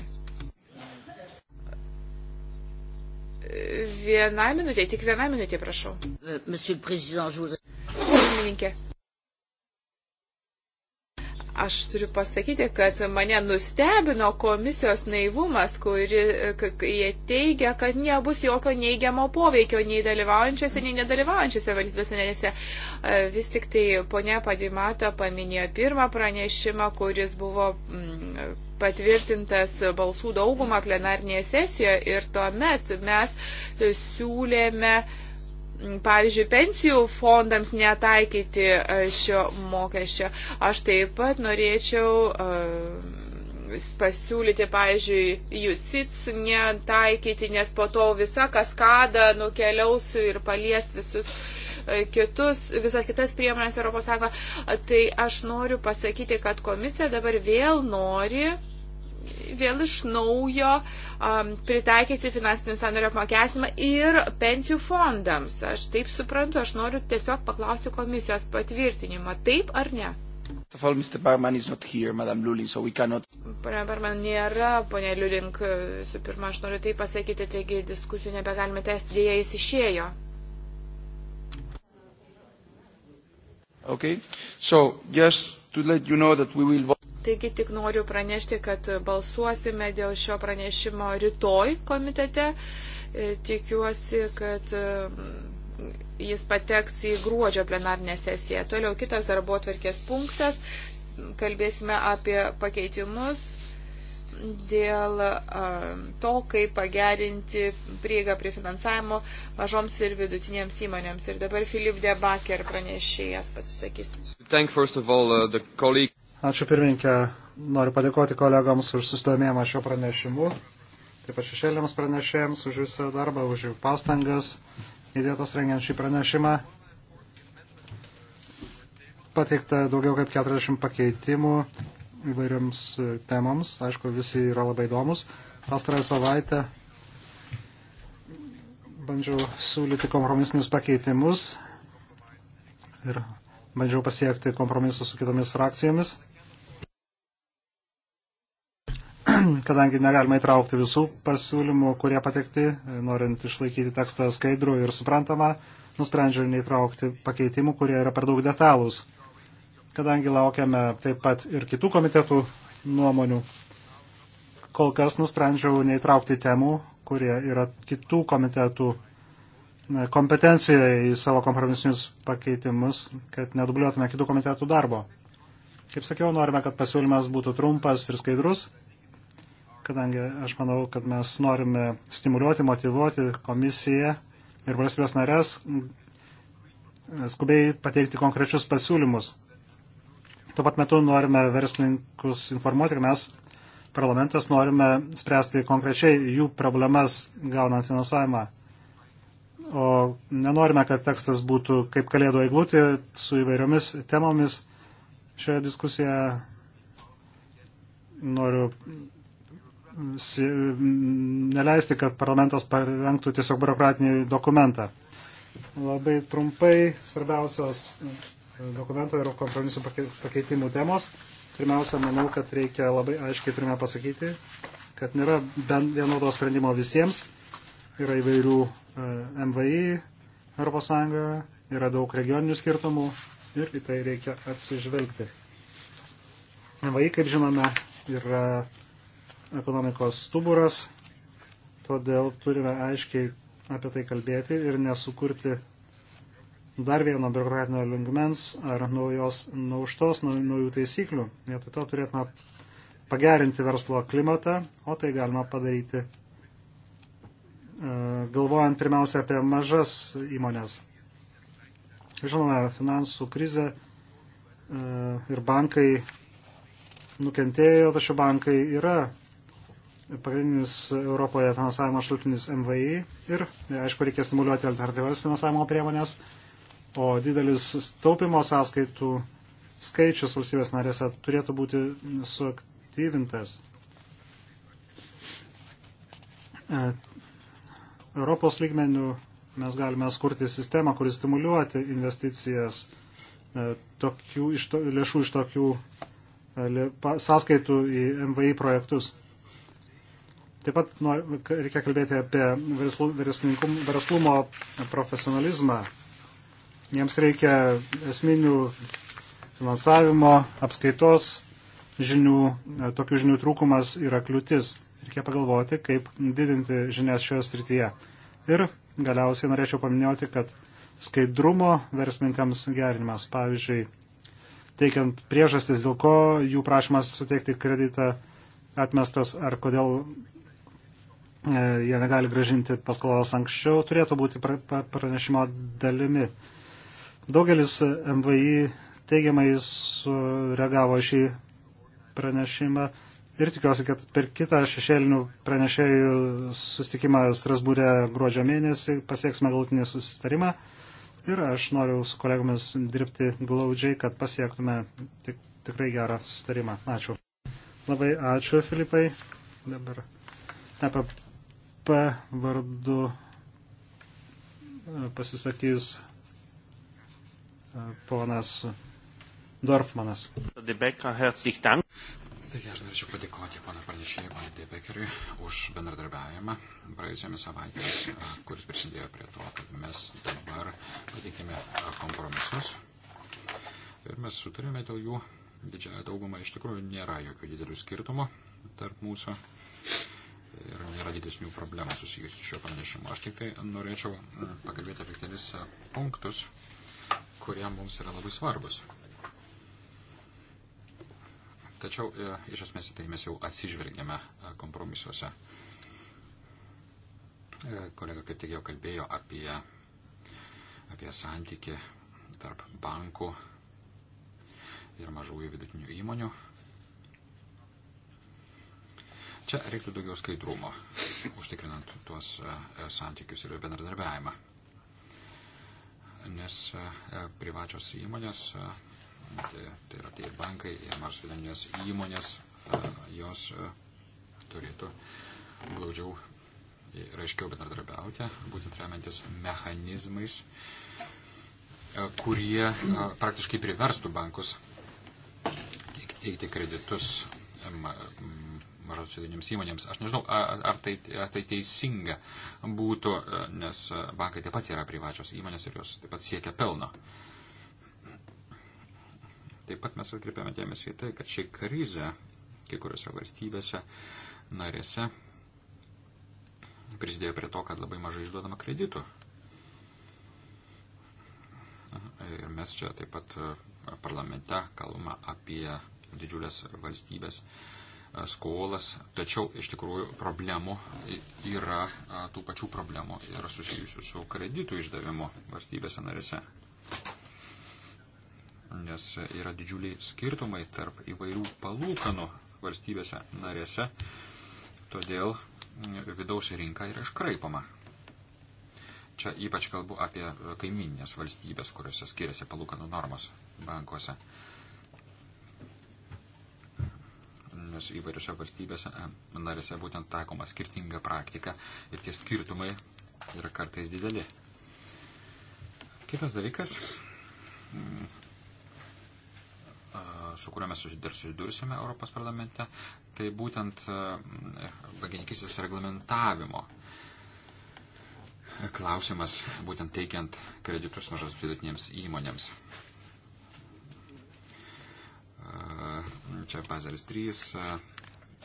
Vieną minutę, tik vieną minutę, prašau. Euh, Pirmininkė. Aš turiu pasakyti, kad mane nustebino komisijos naivumas, kuri jie teigia, kad nebus jokio neigiamo poveikio nei dalyvaujančiose, nei nedalyvaujančiose valstybėse narėse. E, vis tik tai ponia Padimata paminėjo pirmą pranešimą, kuris buvo mm, patvirtintas balsų daugumą plenarnėje sesijoje ir tuomet mes siūlėme, pavyzdžiui, pensijų fondams netaikyti e, šio mokesčio. Aš taip pat norėčiau e, pasiūlyti, pavyzdžiui, jūsits netaikyti, nes po to visa kaskada nukeliaus ir palies visus E, kitus, visas kitas priemonės Europos Sąjunga. Tai aš noriu pasakyti, kad komisija dabar vėl nori vėl iš naujo um, pritaikyti finansinių sandorių apmokestinimą ir pensijų fondams. Aš taip suprantu, aš noriu tiesiog paklausti komisijos patvirtinimą, taip ar ne? All, Mr. Barman is not here, Madam Lulin, so we cannot... Pane Barman nėra, ponė Liulink, su pirma, aš noriu tai pasakyti, taigi diskusijų nebegalime tęsti, dėja jis išėjo. Okay? So, just to let you know that we will vote. Taigi tik noriu pranešti, kad balsuosime dėl šio pranešimo rytoj komitete. E, tikiuosi, kad e, jis pateks į gruodžio plenarnę sesiją. Toliau kitas darbo atvarkės punktas. Kalbėsime apie pakeitimus dėl to, kaip pagerinti prieigą prie finansavimo mažoms ir vidutinėms įmonėms. Ir dabar Filip Debaker pranešėjas pasisakys. Uh, Ačiū pirmininkė. Noriu padėkoti kolegoms už susidomėjimą šio pranešimu, taip pat šešėliams pranešėjams už visą darbą, už jų pastangas įdėtas rengiant šį pranešimą pateikta daugiau kaip 40 pakeitimų įvairiams e, temams. Aišku, visi yra labai įdomus. Pastarąją savaitę bandžiau siūlyti kompromisinius pakeitimus ir bandžiau pasiekti kompromisus su kitomis frakcijomis. Kadangi negalima įtraukti visų pasiūlymų, kurie patekti, norint išlaikyti tekstą skaidrų ir suprantamą, nusprendžiau neįtraukti pakeitimų, kurie yra per daug detalūs kadangi laukiame taip pat ir kitų komitetų nuomonių, kol kas nusprendžiau neįtraukti temų, kurie yra kitų komitetų kompetencijoje į savo kompromisinius pakeitimus, kad nedubliuotume kitų komitetų darbo. Kaip sakiau, norime, kad pasiūlymas būtų trumpas ir skaidrus, kadangi aš manau, kad mes norime stimuliuoti, motivuoti komisiją ir valstybės narės skubiai pateikti konkrečius pasiūlymus. Tuo pat metu norime verslininkus informuoti, kad mes, parlamentas, norime spręsti konkrečiai jų problemas gaunant finansavimą. O nenorime, kad tekstas būtų kaip kalėdų eglutė su įvairiomis temomis. Šioje diskusijoje noriu neleisti, kad parlamentas parengtų tiesiog biurokratinį dokumentą. Labai trumpai svarbiausios dokumento ir kompromisų pakeitimų temos. Pirmiausia, manau, kad reikia labai aiškiai turime pasakyti, kad nėra bent vienodo sprendimo visiems. Yra įvairių e, MVI ES, yra daug regioninių skirtumų ir į tai reikia atsižvelgti. MVI, kaip žinome, yra ekonomikos stuburas, todėl turime aiškiai apie tai kalbėti ir nesukurti dar vieno biurokratinio lingmens ar naujos nauštos, naujų taisyklių. Vietoj to turėtume pagerinti verslo klimatą, o tai galima padaryti e, galvojant pirmiausia apie mažas įmonės. Žinoma, finansų krizė e, ir bankai nukentėjo, tačiau bankai yra pagrindinis Europoje finansavimo šaltinis MVI ir, aišku, reikia stimuliuoti alternatyvas finansavimo priemonės o didelis taupimo sąskaitų skaičius valstybės narėse turėtų būti suaktyvintas. E, Europos lygmenių mes galime skurti sistemą, kuris stimuliuoti investicijas e, tokių, iš to, lėšų iš tokių e, sąskaitų į MVI projektus. Taip pat nu, reikia kalbėti apie verslumo profesionalizmą Jiems reikia esminių finansavimo, apskaitos žinių, e, tokių žinių trūkumas yra kliūtis. Reikia pagalvoti, kaip didinti žinias šioje srityje. Ir galiausiai norėčiau paminėti, kad skaidrumo verslininkams gerinimas, pavyzdžiui, teikiant priežastis, dėl ko jų prašymas suteikti kreditą atmestas ar kodėl e, jie negali gražinti paskolos anksčiau, turėtų būti pranešimo dalimi. Daugelis MVI teigiamai sureagavo šį pranešimą ir tikiuosi, kad per kitą šešėlinių pranešėjų sustikimą Strasbūrė gruodžio mėnesį pasieksime galutinį susitarimą. Ir aš noriu su kolegomis dirbti glaudžiai, kad pasiektume tik, tikrai gerą susitarimą. Ačiū. Labai ačiū, Filipai. Dabar apie P vardu e, pasisakys ponas Dorfmanas. Taigi aš norėčiau padėkoti pana pranešėjai Vaidai Bekeriui už bendradarbiavimą praėjusiamis savaitėmis, kuris prisidėjo prie to, kad mes dabar pateikėme kompromisus. Ir mes sutarėme dėl jų. Didžiąją daugumą iš tikrųjų nėra jokių didelių skirtumų tarp mūsų ir nėra didesnių problemų susijusių su šiuo pranešimu. Aš tik tai norėčiau pakalbėti apie kelis punktus, kurie mums yra labai svarbus. Tačiau e, iš esmės tai mes jau atsižvelgėme e, kompromisuose. E, kolega kaip tik jau kalbėjo apie, apie santyki tarp bankų ir mažųjų vidutinių įmonių. Čia reiktų daugiau skaidrumo, užtikrinant tuos santykius ir bendradarbiavimą nes e, privačios įmonės, e, tai, tai yra tie bankai, nors finansinės įmonės, e, jos turėtų glaudžiau ir aiškiau bendradarbiauti, būtent remiantis mechanizmais, kurie praktiškai priverstų bankus teikti kreditus mažos sudėnėms įmonėms. Aš nežinau, ar tai, ar tai teisinga būtų, e, nes e, bankai taip pat yra privačios įmonės ir jos taip pat siekia pelno. Taip pat mes atkreipiame dėmesį į tai, kad ši krizė kai kuriuose valstybėse narėse prisidėjo prie to, kad labai mažai išduodama kreditų. Ir mes čia taip pat e, parlamente kalbame apie didžiulės valstybės, uh, skolas, tačiau iš tikrųjų problemų yra, tų pačių problemų yra susijusių su kreditų išdavimu valstybėse narėse. Nes yra didžiuliai skirtumai tarp įvairių palūkanų valstybėse narėse, todėl vidaus rinka yra iškraipama. Čia ypač kalbu apie kaiminės valstybės, kuriuose skiriasi palūkanų normos bankuose. Uh, nes įvairiose valstybėse narėse būtent taikoma skirtinga praktika ir tie skirtumai yra kartais dideli. Kitas dalykas, mm, su kuriuo mes dar susidursime Europos parlamente, tai būtent vagininkistės reglamentavimo klausimas, būtent teikiant kreditus mažas vidutinėms įmonėms čia Bazelis 3,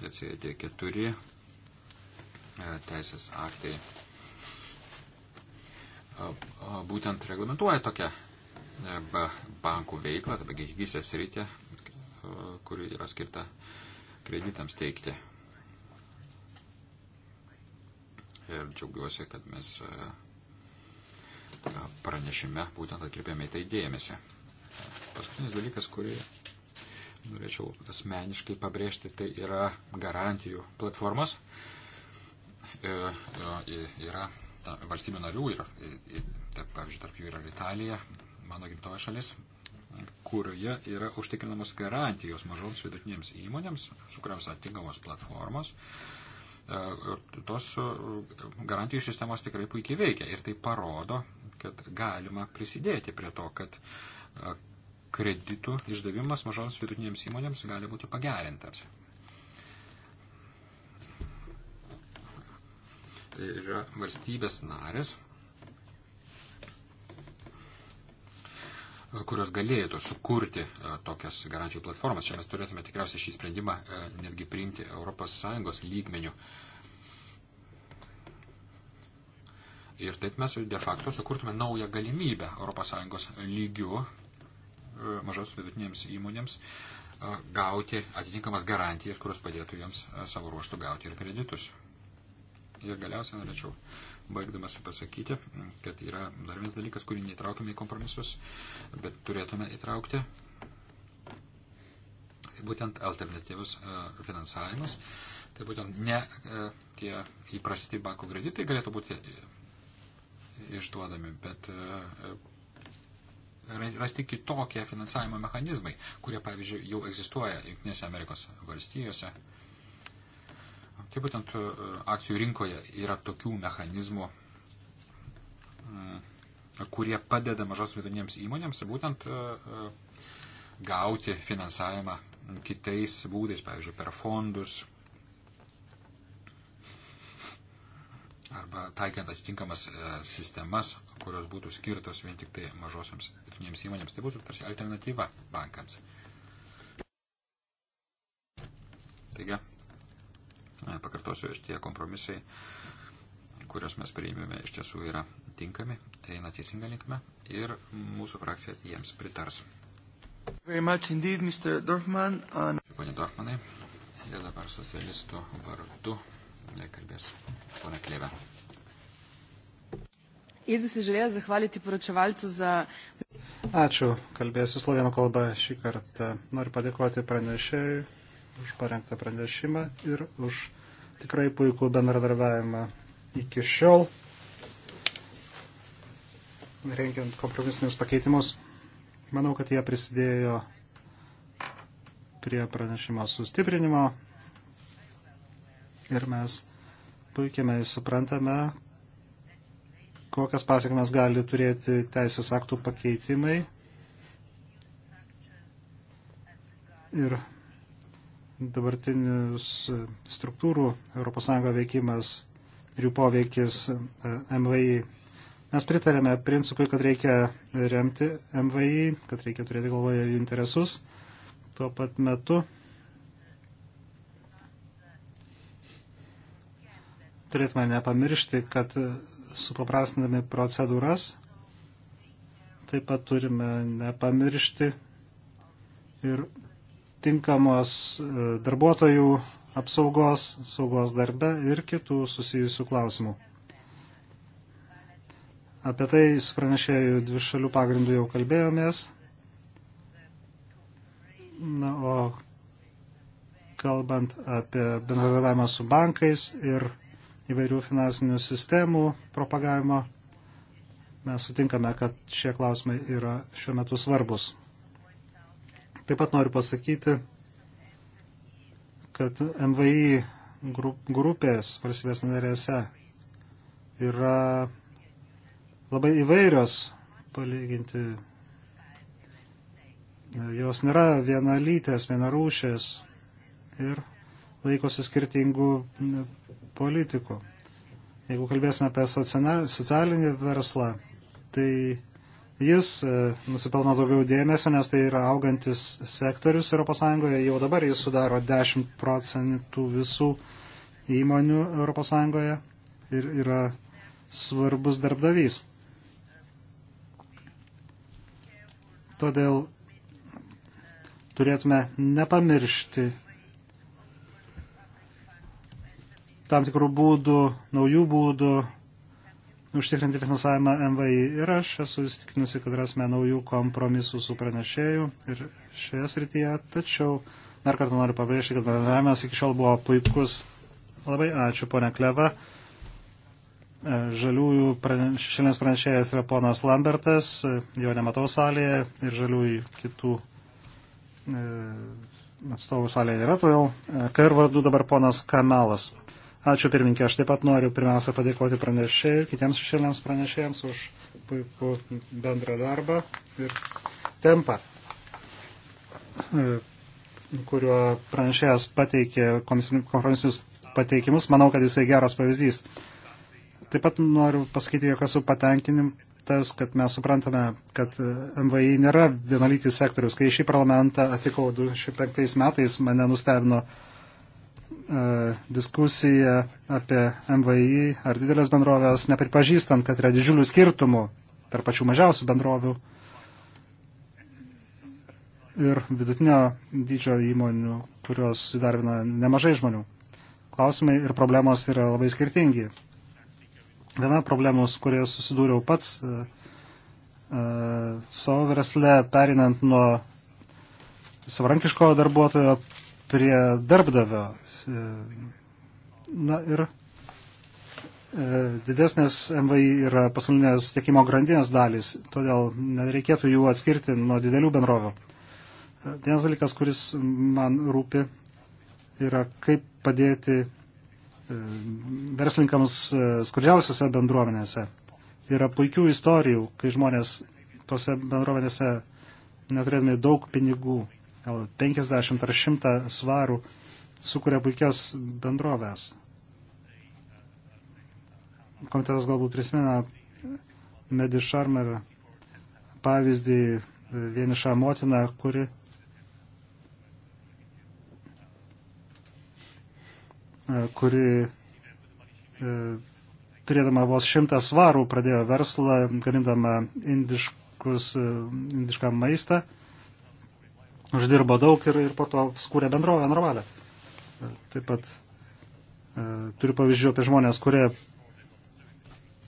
CAD 4 teisės aktai būtent reglamentuoja tokią e, bankų veiklą, tą bankininkystės rytį, kuri yra skirta kreditams teikti. Ir džiaugiuosi, kad mes e, pranešime būtent atkirpėme į tai dėmesį. Paskutinis dalykas, kurį norėčiau asmeniškai pabrėžti, tai yra garantijų platformos. E, yra valstybių narių, yra, taip, pavyzdžiui, tarp jų yra ir Italija, mano gimtoji šalis, kurioje yra užtikrinamos garantijos mažoms vidutinėms įmonėms, su kuriams atitinkamos platformos. E, tos e, garantijų sistemos tikrai puikiai veikia ir tai parodo, kad galima prisidėti prie to, kad kreditų išdavimas mažoms vidutinėms įmonėms gali būti pagerintas. Yra valstybės narės, kurios galėtų sukurti e, tokias garantijų platformas. Čia mes turėtume tikriausiai šį sprendimą e, netgi priimti ES lygmenių. Ir taip mes de facto sukurtume naują galimybę ES lygių mažos vidutinėms įmonėms gauti atitinkamas garantijas, kurios padėtų jiems savo ruoštų gauti ir kreditus. Ir galiausiai norėčiau, baigdamas pasakyti, kad yra dar vienas dalykas, kurį neįtraukime į kompromisus, bet turėtume įtraukti. Tai būtent alternatyvus finansavimas. Tai būtent ne tie įprasti banko kreditai galėtų būti išduodami, bet rasti kitokie finansavimo mechanizmai, kurie, pavyzdžiui, jau egzistuoja Junktinėse Amerikos valstijose. Tai būtent e, akcijų rinkoje yra tokių mechanizmų, kurie padeda mažos vidutinėms įmonėms būtent e, e, gauti finansavimą kitais būdais, pavyzdžiui, per fondus, arba taikiant atitinkamas e, sistemas, kurios būtų skirtos vien tik tai mažosiams vidutinėms įmonėms. Tai būtų tarsi alternatyva bankams. Taigi, e, pakartosiu, ir tie kompromisai, kuriuos mes priėmėme, iš tiesų yra tinkami, tai eina teisinga linkme ir mūsų frakcija jiems pritars. Indeed, Dorfman, and... Pane Dorfmanai, ir dabar socialistų vardu kalbės ponia Klėve. Jis visi žiūrėjo, zahvalyti poročevalcu za. Ačiū, kalbėsiu slovėnų kalbą šį kartą. Noriu padėkoti pranešėjui už parengtą pranešimą ir už tikrai puikų bendradarbiavimą iki šiol, renkiant kompromisinius pakeitimus. Manau, kad jie prisidėjo prie pranešimo sustiprinimo ir mes puikiai suprantame, kokias pasiekmes gali turėti teisės aktų pakeitimai ir dabartinius struktūrų ES veikimas ir jų poveikis e, MVI. Mes pritarėme principui, kad reikia remti MVI, kad reikia turėti galvoje jų interesus. Tuo pat metu turėtume nepamiršti, kad supaprastinami procedūras taip pat turime nepamiršti ir tinkamos e, darbuotojų apsaugos, saugos darbe ir kitų susijusių klausimų. Apie tai su pranešėjų dvi šalių pagrindų jau kalbėjomės. Na, o kalbant apie bendradarbiavimą su bankais ir įvairių finansinių sistemų propagavimo. Mes sutinkame, kad šie klausimai yra šiuo metu svarbus. Taip pat noriu pasakyti, kad MVI grupės valstybės narėse yra labai įvairios palyginti. Jos nėra vienalytės, vienarūšės ir laikosi skirtingų politikų. Jeigu kalbėsime apie socialinį verslą, tai jis e, nusipelno daugiau dėmesio, nes tai yra augantis sektorius ES, jau dabar jis sudaro 10 procentų visų įmonių ES ir yra svarbus darbdavys. Todėl turėtume nepamiršti tam tikrų būdų, naujų būdų užtikrinti finansavimą MVI. Ir aš esu įsitikinusi, kad rasime naujų kompromisų su pranešėju ir šioje srityje. Tačiau dar kartą noriu pabrėžti, kad bendravimas iki šiol buvo puikus. Labai ačiū, ponia Kleva. E, žaliųjų praneš... šiandienas pranešėjas yra ponas Lambertas, e, jo nematau salėje ir žaliųjų kitų e, atstovų salėje yra, todėl KR vardu dabar ponas Kanalas. Ačiū pirminkė, aš taip pat noriu pirmiausia padėkoti pranešėjai, kitiems šešėliams pranešėjams už puikų bendrą darbą ir tempą, e, kuriuo pranešėjas pateikė konferencijus pateikimus. Manau, kad jisai geras pavyzdys. Taip pat noriu pasakyti, jog esu patenkinimtas, kad mes suprantame, kad MVI nėra vienalytis sektorius. Kai šį parlamentą atvykau 2005 metais, mane nustebino E, diskusija apie MVI ar didelės bendrovės, nepripažįstant, kad yra didžiulių skirtumų tarp pačių mažiausių bendrovių ir vidutinio dydžio įmonių, kurios įdarbina nemažai žmonių. Klausimai ir problemos yra labai skirtingi. Viena problemos, kurioje susidūriau pats e, e, savo versle, perinant nuo savarankiško darbuotojo prie darbdavio E, na ir e, didesnės MVI yra pasaulinės tiekimo grandinės dalys, todėl nereikėtų jų atskirti nuo didelių bendrovių. E, vienas dalykas, kuris man rūpi, yra kaip padėti verslininkams skurdžiausiose bendruomenėse. Yra puikių istorijų, kai žmonės tose bendruomenėse neturėdami daug pinigų, 50 ar 100 svarų, sukuria puikias bendrovės. Komitetas galbūt prisimena Medi Šarmer pavyzdį vienišą motiną, kuri kuri e, turėdama vos šimtą svarų pradėjo verslą, gamindama indiškus, e, indišką maistą, uždirbo daug ir, ir po to skūrė bendrovę normalią. Taip pat e, turiu pavyzdžių apie žmonės, kurie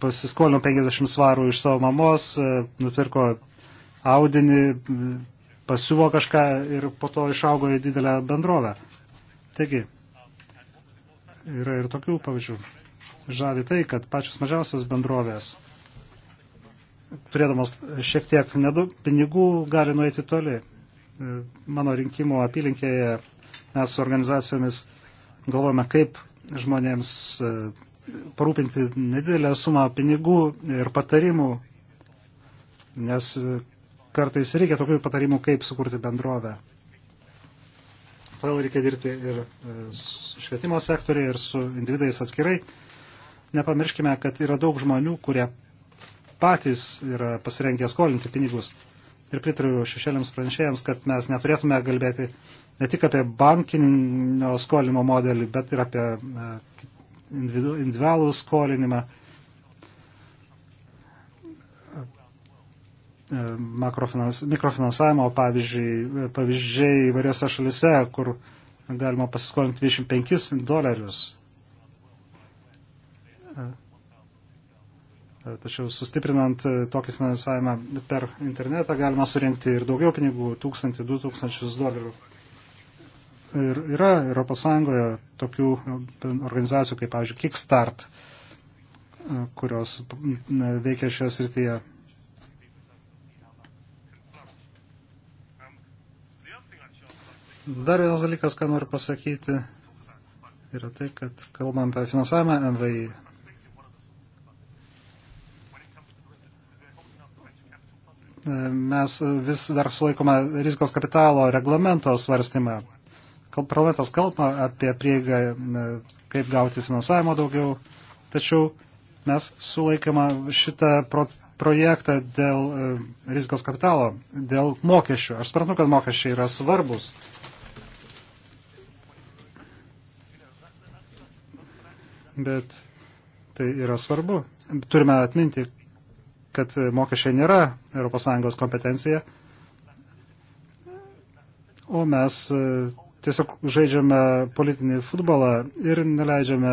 pasiskolino 50 svarų iš savo mamos, e, nupirko audinį, pasiuvo kažką ir po to išaugo į didelę bendrovę. Taigi, yra ir tokių pavyzdžių. Žavi tai, kad pačios mažiausios bendrovės, turėdamos šiek tiek nedaug pinigų, gali nueiti toli. E, mano rinkimo apylinkėje Mes su organizacijomis galvojame, kaip žmonėms e, parūpinti nedidelę sumą pinigų ir patarimų, nes e, kartais reikia tokių patarimų, kaip sukurti bendrovę. Todėl reikia dirbti ir e, švietimo sektoriai, ir su individais atskirai. Nepamirškime, kad yra daug žmonių, kurie patys yra pasirengę skolinti pinigus. Ir pritariu šešėliams pranešėjams, kad mes neturėtume kalbėti ne tik apie bankinio skolinimo modelį, bet ir apie e, individualų skolinimą. E, mikrofinansavimo pavyzdžiai, e, pavyzdžiai įvairiose šalise, kur galima pasiskolinti 25 dolerius. Tačiau sustiprinant tokį finansavimą per internetą galima surinkti ir daugiau pinigų - 1000-2000 dolerių ir yra ES tokių organizacijų kaip, pavyzdžiui, Kickstart, e, kurios veikia šioje srityje. Dar vienas dalykas, ką noriu pasakyti, yra tai, kad kalbam apie finansavimą MVI. E, mes vis dar sulaikome rizikos kapitalo reglamento svarstymą. Parlamentas kalba apie prieigą, kaip gauti finansavimo daugiau, tačiau mes sulaikėme šitą projektą dėl e, rizikos kapitalo, dėl mokesčių. Aš suprantu, kad mokesčiai yra svarbus. Bet tai yra svarbu. Turime atminti, kad mokesčiai nėra ES kompetencija, o mes e, tiesiog žaidžiame politinį futbolą ir neleidžiame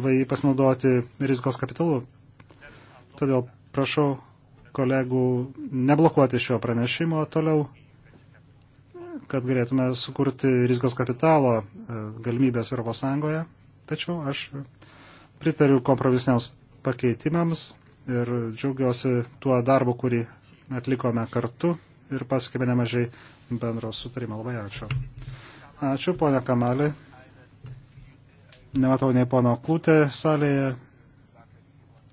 MVI pasinaudoti rizikos kapitalu. Todėl prašau kolegų neblokuoti šio pranešimo toliau, kad galėtume sukurti rizikos kapitalo e, galimybės ES. Tačiau aš pritariu kompromisiniams pakeitimams ir džiaugiuosi tuo darbu, kurį atlikome kartu ir pasiekėme nemažai bendro sutarimo. Labai ačiū. Ačiū, ponia Kamalė. Nematau nei pono Klūtė salėje.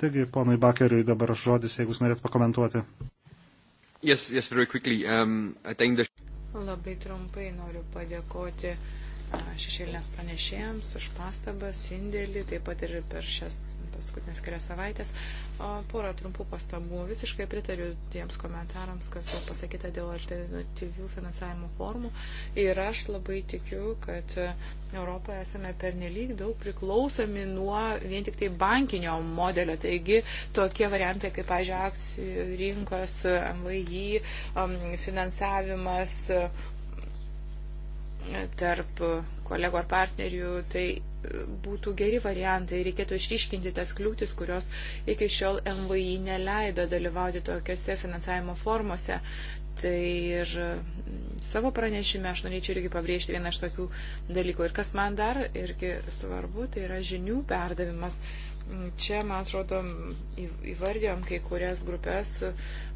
Taigi, ponui Bakeriui dabar žodis, jeigu jūs norėt pakomentuoti. Yes, yes, um, the... Labai trumpai noriu padėkoti uh, šešėlinės pranešėjams už pastabas, indėlį, taip pat ir per šias paskutinės kelias savaitės. Porą trumpų pastabų. Visiškai pritariu tiems komentarams, kas buvo pasakyta dėl alternatyvių finansavimo formų. Ir aš labai tikiu, kad Europoje esame pernelyg daug priklausomi nuo vien tik tai bankinio modelio. Taigi tokie variantai kaip, pažiūrėjau, akcijų rinkos, MVI, um, finansavimas um, tarp kolegų ar partnerių, tai būtų geri variantai. Reikėtų išryškinti tas kliūtis, kurios iki šiol MVI neleido dalyvauti tokiuose finansavimo formuose. Tai ir mm, savo pranešime aš norėčiau irgi pabrėžti vieną iš tokių dalykų. Ir kas man dar irgi svarbu, tai yra žinių perdavimas. Mm, čia, man atrodo, mm, įvardėjom kai kurias grupės,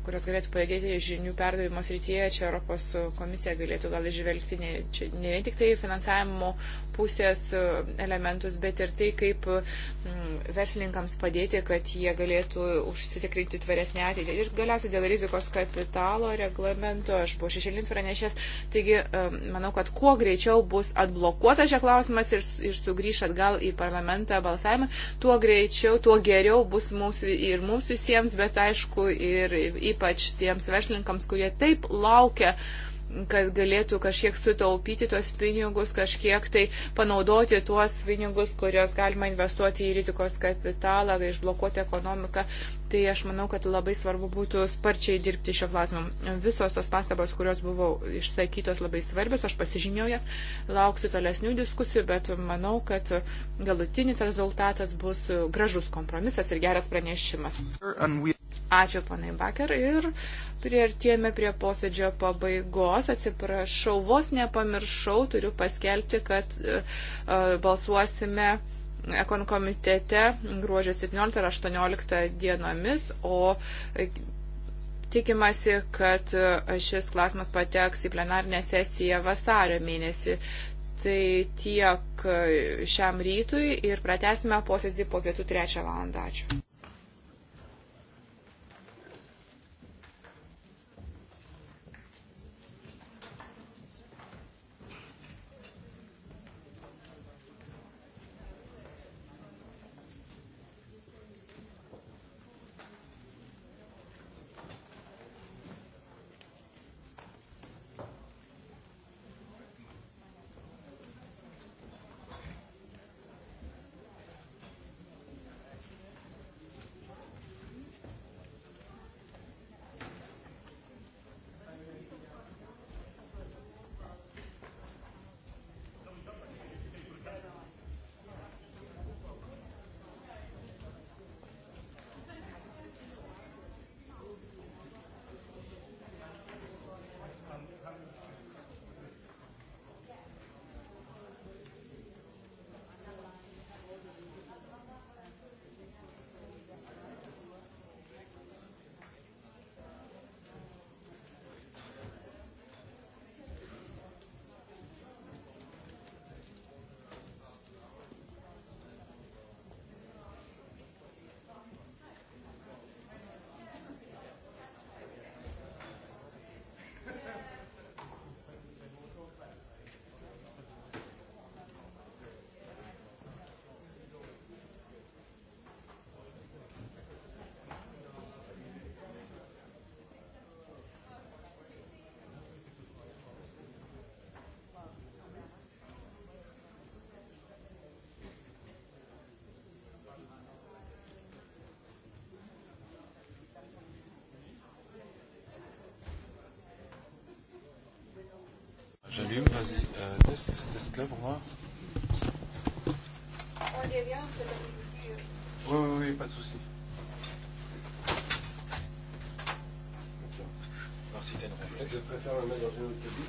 kurios galėtų pajudėti žinių perdavimo srityje, čia Europos komisija galėtų gal išvelgti ne, čia, ne vien tik tai finansavimo pusės e, elementus, bet ir tai, kaip mm, verslininkams padėti, kad jie galėtų užsitikrinti tvaresnį ateitį. Ir galiausiai dėl rizikos kapitalo reglamento, aš buvau šešėlins pranešęs, taigi e, manau, kad kuo greičiau bus atblokuotas šia klausimas ir, ir sugrįš atgal į parlamentą balsavimą, tuo greičiau, tuo geriau bus mums ir mums visiems, bet aišku, ir į ypač tiems verslininkams, kurie taip laukia kad galėtų kažkiek sutaupyti tuos pinigus, kažkiek tai panaudoti tuos pinigus, kuriuos galima investuoti į rizikos kapitalą, išblokuoti ekonomiką. Tai aš manau, kad labai svarbu būtų sparčiai dirbti šio klausimu. Visos tos pastabos, kurios buvo išsakytos, labai svarbios, aš pasižymėjau jas, lauksiu tolesnių diskusijų, bet manau, kad galutinis rezultatas bus gražus kompromisas ir geras pranešimas. Ačiū, panai Baker. Ir prieartėjome prie posėdžio pabaigos. Atsiprašau, vos nepamiršau, turiu paskelbti, kad e, e, balsuosime ekon komitete gruodžio 17 ir 18 dienomis, o e, tikimasi, kad šis klausimas pateks į plenarinę sesiją vasario mėnesį. Tai tiek šiam rytui ir pratesime posėdį po pietų trečią valandą. Ačiū. J'allume, vas-y, euh, test, test là pour moi. On est bien, c'est la Oui, oui, oui, pas de souci. Alors si t'as une réflexe. Je préfère le mettre dans une autre cabine.